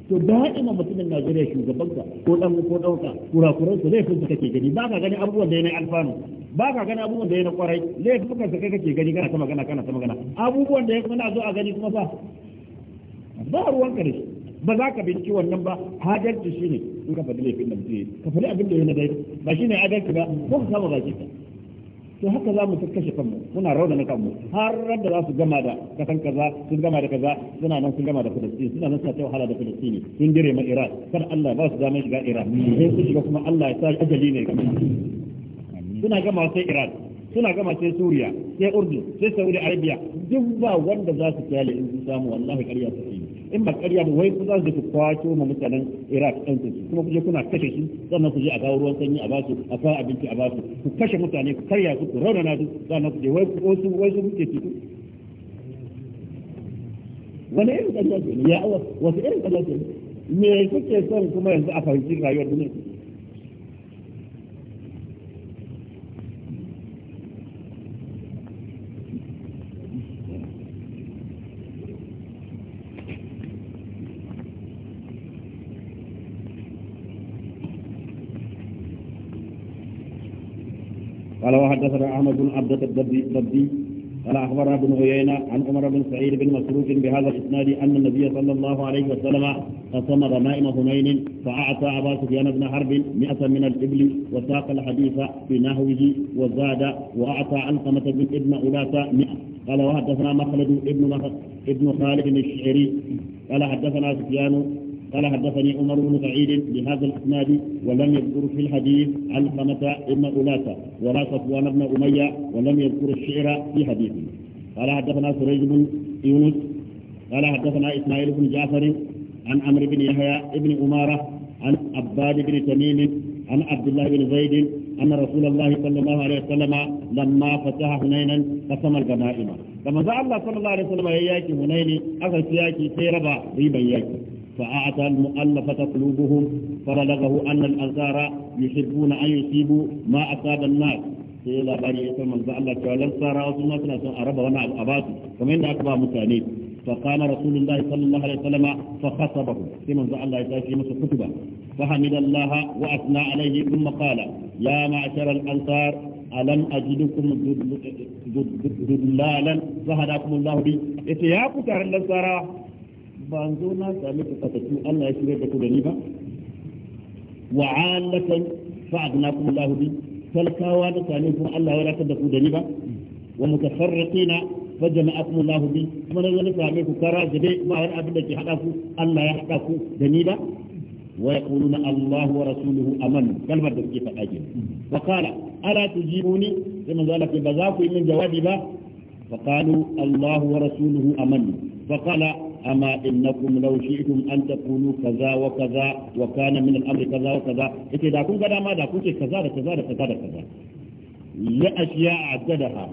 to da ina mutumin Najeriya shugaban ka ko dan ko dauka kurakuran su laifin su kake gani ba ka gani abubuwan da yana alfanu ba ka gani abubuwan da yana kwarai laifin ka kai kake gani kana ta magana kana ta magana abubuwan da yana zo a gani kuma ba ba ruwan ka ne ba za ka binci wannan ba hadarci shine in ka faɗi laifin da mutum ka fadi abin da yana dai ba shine adalci ba ko ka samu baki to haka za mu kashe kanmu muna raunana kanmu har da za su gama da kasan kaza sun gama da kaza suna nan sun gama da Palestine suna nan suna ta wahala da Palestine sun dire ma Iraq kar Allah ba su damar shiga Iraq sai su shiga kuma Allah ya sa ajali ne suna gama sai Iraq suna gama sai Suriya sai Urdun sai Saudi Arabia duk ba wanda za su kyale in su samu wallahi ƙarya su yi in ba ƙarya ba wai za su kwato ma mutanen Iraq ɗan su kuma kuje kuna kashe su sannan kuje a kawo ruwan sanyi a basu a kawo abinci a basu ku kashe mutane ku karya su ku raunana su sannan kuje wai wasu wai su muke ciki wani irin ƙarya ce ya awa, wasu irin ƙarya ce me kuke son kuma yanzu a fahimci rayuwar duniya قال وحدثنا احمد بن عبد الضبي قال اخبرنا ابن عيينه عن عمر بن سعيد بن مسروق بهذا الاسناد ان النبي صلى الله عليه وسلم قسم غنائم هنين فاعطى ابا سفيان بن حرب 100 من الابل وساق الحديث في نهوه وزاد واعطى علقمه بن ابن علاثه 100 قال وحدثنا مخلد بن ابن خالد الشعري قال حدثنا سفيان قال حدثني عمر بن سعيد بهذا الاسناد ولم يذكر في الحديث علقمة ابن أولاسة ولا صفوان بن أمية ولم يذكر الشعر في حديثه قال حدثنا سريج بن يونس قال حدثنا إسماعيل بن جعفر عن عمرو بن يحيى بن أمارة عن عباد بن تميم عن عبد الله بن زيد أن رسول الله صلى الله عليه وسلم لما فتح هنينا قسم الغنائم فما الله صلى الله عليه وسلم يأتي هنيني أخذ سياكي سيربا ريبا يأتي فأعطى المؤلفة قلوبهم فبلغه أن الأنصار يحبون أن يصيبوا ما أصاب الناس sai labari ya san manzo Allah cewa lan tsara wasu ma suna son a raba wani al'abatu kamar yadda aka ba mutane fa qala rasulullahi sallallahu alaihi wasallam fa khasabahu sai manzo Allah ya tashi masa kutuba fa hamidallaha wa asna alaihi thumma qala ya ma'shar al-ansar alam ajidukum dullalan fa hadakum Allah bi yace ya ku taron lan tsara ba zo na sami ku fatatu Allah ya shirya da ku da ni ba wa alatan fa'adnakum Allah bi talkawa da sami ku Allah ya wadatar da ku da ni ba wa mutafarriqina fa jama'akum Allah bi kuma na zo sami ku kara da dai ba wani abin da ke hada ku Allah ya hada ku da ni ba wa yaquluna Allah wa rasuluhu aman kalmar da suke faɗa ke wa qala ala tujibuni sai manzo Allah ba za ku yi min jawabi ba فقالوا الله ورسوله أمن فقال أما إنكم لو شئتم أن تقولوا كذا وكذا وكان من الأمر كذا وكذا إذا دا كنت ما دا كنت كذا دا كذا دا كذا دا كذا لأشياء عددها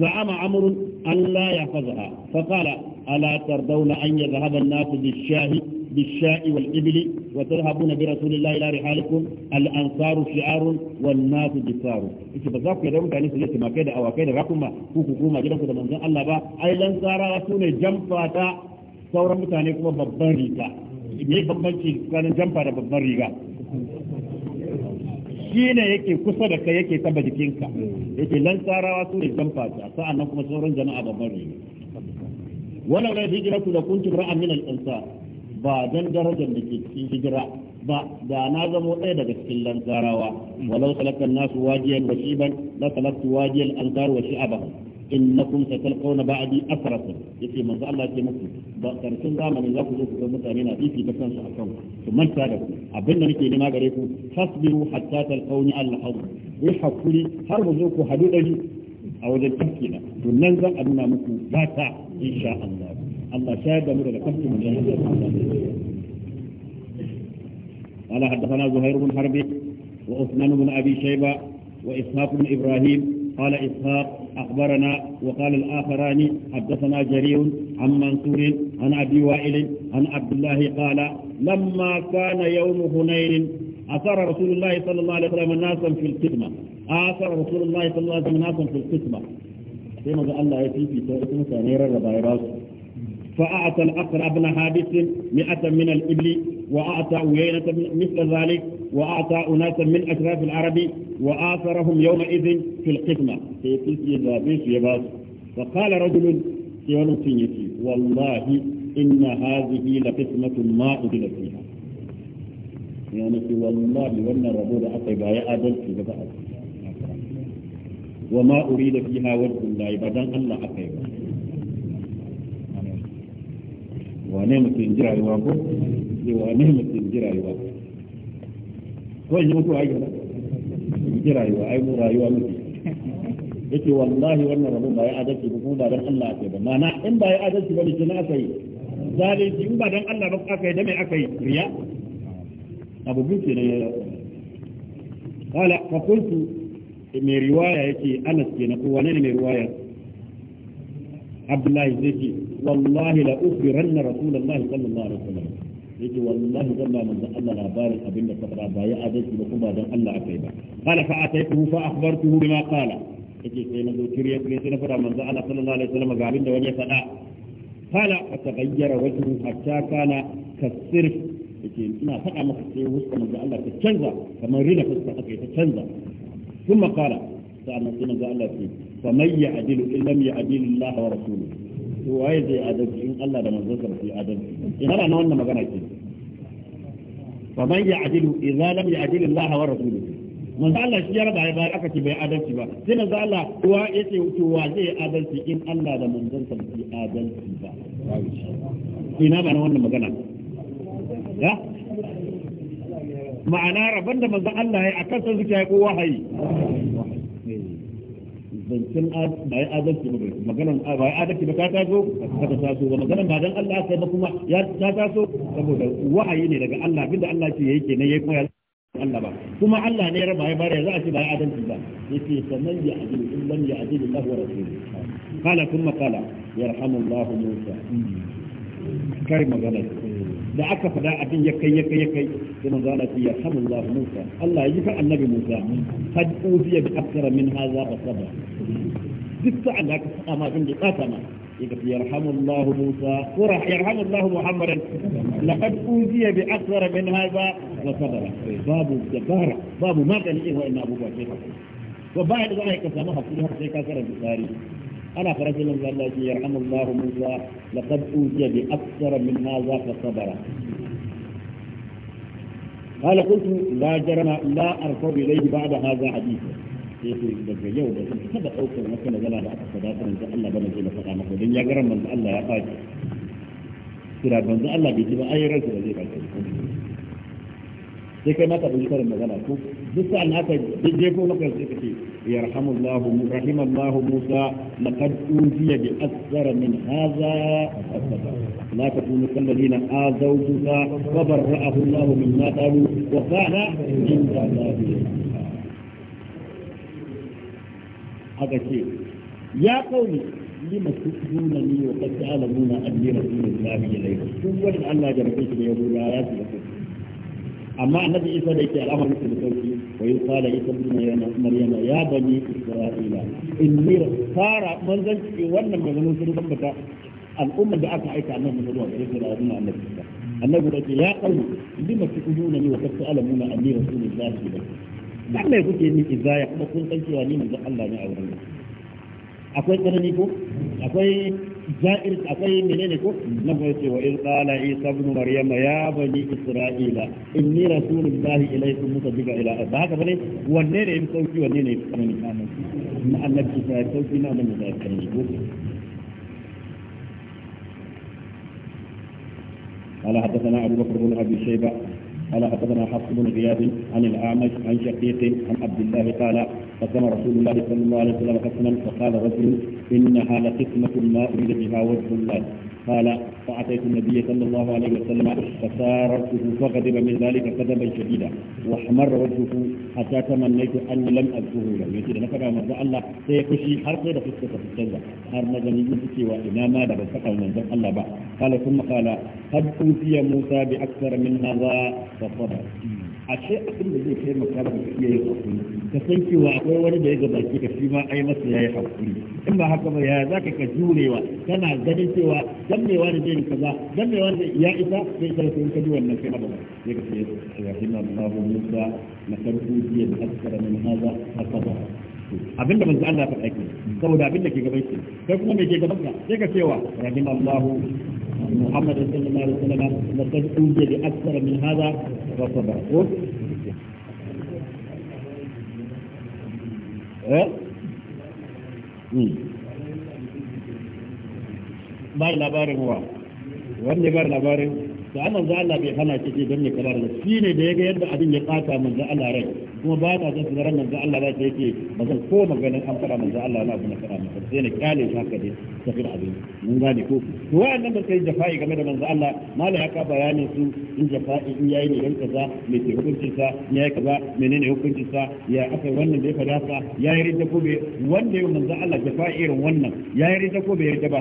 زعم عمرو أن لا يحفظها فقال ألا ترضون أن يذهب الناس بالشاه بالشاء والإبل وتذهبون برسول الله الى رحالكم الانصار شعار والناس جسار ايش بذاك كان كده او كده حكومه جدا كده من الله با اي yake kusa da kai yake taba jikinka yake lansarawa su ne kuma sauran jama'a babban wannan rai hijira ku da min al-ansar ba dan darajar da ke cikin hijira ba da na zamo ɗaya daga cikin lantarawa walau salakan nasu wajiyan wa shiban la salaktu wajiyan ansar wa shi'aba innakum satalqawna ba'di asrata yace manzo Allah ke muku ba karshen zamanin za ku zo ku ga mutane na fifi ta kansu a kan su manta da ku abin da nake nema gare ku fasbiru hatta talqawni Allah hau ku hakuri har mu zo ku hadu dari a wajen tafkina to nan zan a nuna muku ba ta insha Allah الله شاهد من الكفر من يهدى قال حدثنا زهير بن حرب وعثمان بن ابي شيبه واسحاق بن ابراهيم قال اسحاق اخبرنا وقال الاخران حدثنا جرير عن منصور عن ابي وائل عن عبد الله قال لما كان يوم هنين اثار رسول الله صلى الله عليه وسلم الناس في القسمه اثر رسول الله صلى الله عليه وسلم الناس في القسمه كما قال الله يتيجي fifita wasu mutane rarraba ya فأعطى الأقرى بن حابس مئة من الإبل وأعطى وينه مثل ذلك وأعطى أناسا من أشراف العرب وآثرهم يومئذ في القسمة فقال رجل والله إن هذه لقسمة ما أدل فيها يعني والله وأن الربوع أقب يا آدم في وما أريد فيها وجه الله بدن الله أقب wane mutum yi wa ko wane mutum yi wa ko in ji mutuwa yi ba ji yi wa mu rayuwa muke yake wallahi wannan rabu ba ya adalci ba kuma ba dan Allah ake ba mana in ba ya adalci ba ne na aka yi zalunci in ba dan Allah ba aka yi da mai aka yi riya abubuwan ke ne ya mai riwaya من رواية anas كنا kowa ne mai riwaya abdullahi zai ce wallahi la ukhbiranna rasulullahi sallallahu alaihi wasallam yake wallahi zan ba manzon Allah labarin abin da fara ba ya adalci ba kuma dan Allah akai ba qala fa ataytuhu fa akhbartuhu bima qala yake sai na zo kiriya kiriya sai na fara manzon Allah sallallahu alaihi wasallam ga abin da wani ya faɗa qala ataghayyara wajhu hatta faɗa maka sai fuskar manzon Allah ta canza kamar rina fuskar aka ta canza kuma qala sa'an sai Allah ya faman ya magana ya ce da magana ma'ana rabon da manzo Allah ya akan sa zuciya ko wahayi zancen ya adalci ba maganan ya adalci ba ta taso ba ta taso ba maganan ba dan Allah sai ba kuma ya ta taso saboda wa'ayi ne daga Allah binda Allah ce yake kenan yayi kuma Allah ba kuma Allah ne ya raba ya bare za a ce ba ya adalci ba yace sanan ya adil in lam ya adil Allah wa rasuluhu kala thumma qala yarhamu Allah Musa kar magana da aka faɗa abin ya kai ya kai ya kai sai manzo Allah ya hamu Allah Musa Allah ya fa annabi Musa kad uziya bi akthara min hadha wa sabra duk da Allah ka faɗa ma abin da ya tsama yake yarhamu Allah Musa wa yarhamu Allah Muhammadan laqad uziya bi akthara min hadha wa sabra babu jabara babu magani irin wa'annan abubuwa sai ka ba ba da za ka samu hakuri har sai ka karanta tsari ana farashin manzo Allah ya yarhamu Allah Musa laqad utiya bi aktsara min hadha fa sabara قال قلت لا جرم لا أرفع إليه بعد هذا حديثا yau da sun ɗaukar da Allah zai faɗa maka don ya Allah ya Allah bai ji ba da zai sai kai maka ɗauki karin magana ko duk ka haka jefo maka sai ka ce yarhamullahu rahimallahu musa laqad ujiya bi akthara min hadha asaba ka takunu kal ladina azaw musa wa barra'ahu allah mimma qalu wa kana inda allah haka ce ya kauni لما تؤذونني وقد تعلمون اني رسول الله اليكم كل ya جربت ya ايات amma annabi isa da yake al'amarin su da sauki wa yi kala isa bin maryama ya bani isra'ila in ni fara manzan ce wannan maganin sun tabbata al'ummar da aka aika annabi da zuwa gare su da wannan annabi isa annabi da ke ya kalu lima tukununa ni wa kasu alamuna anni rasulullahi ilaikum dan me kuke ni izaya kuma kun san cewa ni manzon Allah ne a wurin akwai tsanani ko akwai za'ir akwai menene ko na farce bani isra'ila inni rasulullahi ilaykum musaddiqa ila ba haka bane wanne ne yin قال حدثنا بكر بن قال حدثنا حفص بن زياد عن الاعمش عن شقيق عن عبد الله قال قسم رسول الله صلى الله عليه وسلم قسما فقال رجل انها لقسمه ما اريد بها وجه الله قال فأتيت النبي صلى الله عليه وسلم فسارته فغضب من ذلك غضبا شديدا واحمر وجهه حتى تمنيت أن لم أذكره له يجد أنا فقال من الله سيكشي حرقه في السكة في الجنة حر مجني يمسكي وإنا ما دب السكة من الله بعد قال ثم قال قد أوتي موسى بأكثر من هذا فصبر a ce abin da zai taimaka da iya yin hakuri ka san cewa akwai wani da ya gabace ka shi ma ai masa yayi hakuri in ba haka ba ya zaka ka jurewa kana ganin cewa dan me wani zai kaza dan me wani ya isa sai ka san ka ji wannan sai abada sai ka ce ya hinna Allahu Musa na karbu jiya da askara min hada haka abinda manzo Allah ya faɗa saboda abinda ke gaban shi kai kuma me ke gaban ka sai ka cewa rahimallahu محمد صلى الله عليه وسلم لقد أوجد أكثر من هذا وصبر bai labarin wa wanne bar labarin da an manzo Allah bai hana don ne kabar shi ne da yaga yadda abin ya kata manzo Allah rai kuma ba ta jin sunaran manzo Allah ba ta yake ba zan ko maganin an fara manzo Allah na kuma fara masa sai na kyale shi haka dai ta abin mun gane ko to wa'annan da kai jafa'i game da manzo Allah malai haka bayanin su in jafa'i in yayi ne dan kaza me ke hukuncin sa in yayi kaza menene hukuncin sa ya aka wannan da ya fada sa yayi ridda ko bai wanda ya manzo Allah jafa'i irin wannan yayi ridda ko bai ridda ba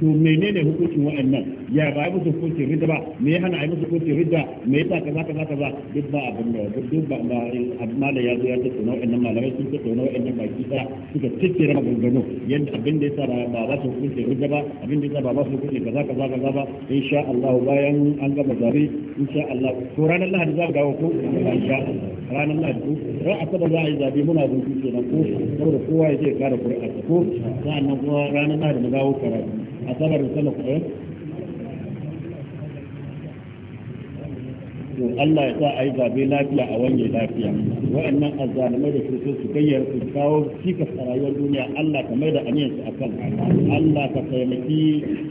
to menene hukuncin wa'annan ya ba ai musu hukuncin ridda ba me ya hana ai musu hukuncin ridda me yasa kaza kaza kaza duk ba abin da duk ba ba amma da ya zo ya tattauna wannan malamai sun tattauna wannan baki da suka tattara maganganu yanda abin da yasa ba ba su hukuncin ridda ba abin da yasa ba ba su hukuncin kaza kaza kaza ba insha Allah bayan an gama zabi insha Allah ko ranar Lahadi za mu dawo ko insha Allah ranar Lahadi ko ran asaba za a yi zabe muna bin ku kenan ko saboda kowa ya je ya kare ƙuri'a ko sa'annan kuma ranar Lahadi mu dawo karatu asabar da sallah eh? ko to Allah ya sa a yi zabe lafiya a wange lafiya wa'annan azzalumai da kirkin su gayyar su kawo cikas a rayuwar duniya Allah ka mai da aniyan su akan Allah ka taimaki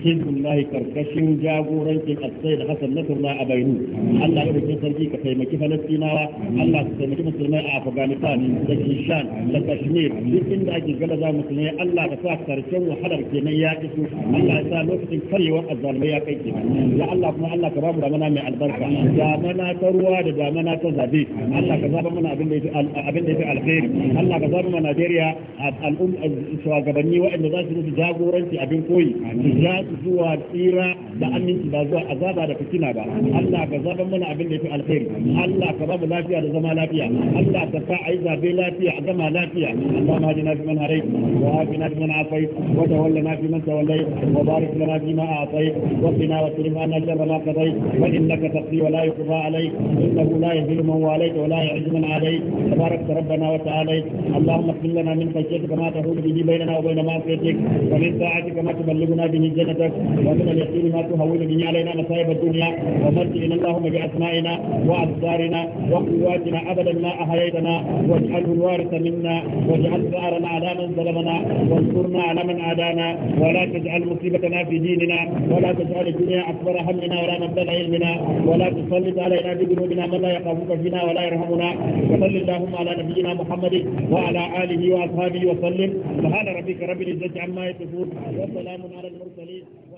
hizbullahi karkashin jagorancin asai da Hassan Nasrullah a Bainu Allah ya sarki ka taimaki Falastinawa Allah ka taimaki musulmai a Afghanistan da Kishan da Kashmir duk inda ake galaza musulmai Allah ka sa karshen wahalar kenan ya kisu Allah ya sa lokacin karyewar azzalumai ya kai kenan ya Allah kuma Allah ka ba mu ramana mai albarka rana ta ruwa da damana ta zabe Allah ka zaba mana abin da yake abin da yake alheri Allah ka zaba mana Najeriya al'um shugabanni waɗanda za su musu jagoranci abin koyi za su zuwa tsira da aminci ba zuwa azaba da fitina ba Allah ka zaba mana abin da yake alheri Allah ka ba lafiya da zama lafiya Allah ka sa ai zabe lafiya a zama lafiya Allah ma jina fi man harai wa afina fi afai wa fi tawallai wa barik lana fi ma wa wa ma wa innaka taqi wa la عليك إنه لا يذل من عليك ولا يعز من عليك تبارك ربنا وتعالى اللهم اغفر لنا من خشيتك ما تحول به بيننا وبين معصيتك ومن طاعتك ما تبلغنا به جنتك ومن اليقين ما تهون به علينا مصائب الدنيا ومتعنا اللهم بأسمائنا وأبصارنا وقواتنا أبدا ما أحييتنا واجعله الوارث منا واجعل ثأرنا على من ظلمنا وانصرنا على من عادانا ولا تجعل مصيبتنا في ديننا ولا تجعل الدنيا أكبر همنا ولا مبلغ علمنا ولا تسلط علينا علينا بذنوبنا من لا يخافك فينا ولا يرحمنا وصل اللهم على نبينا محمد وعلى آله وأصحابه وسلم سبحان ربك رب العزة عما يصفون وسلام على المرسلين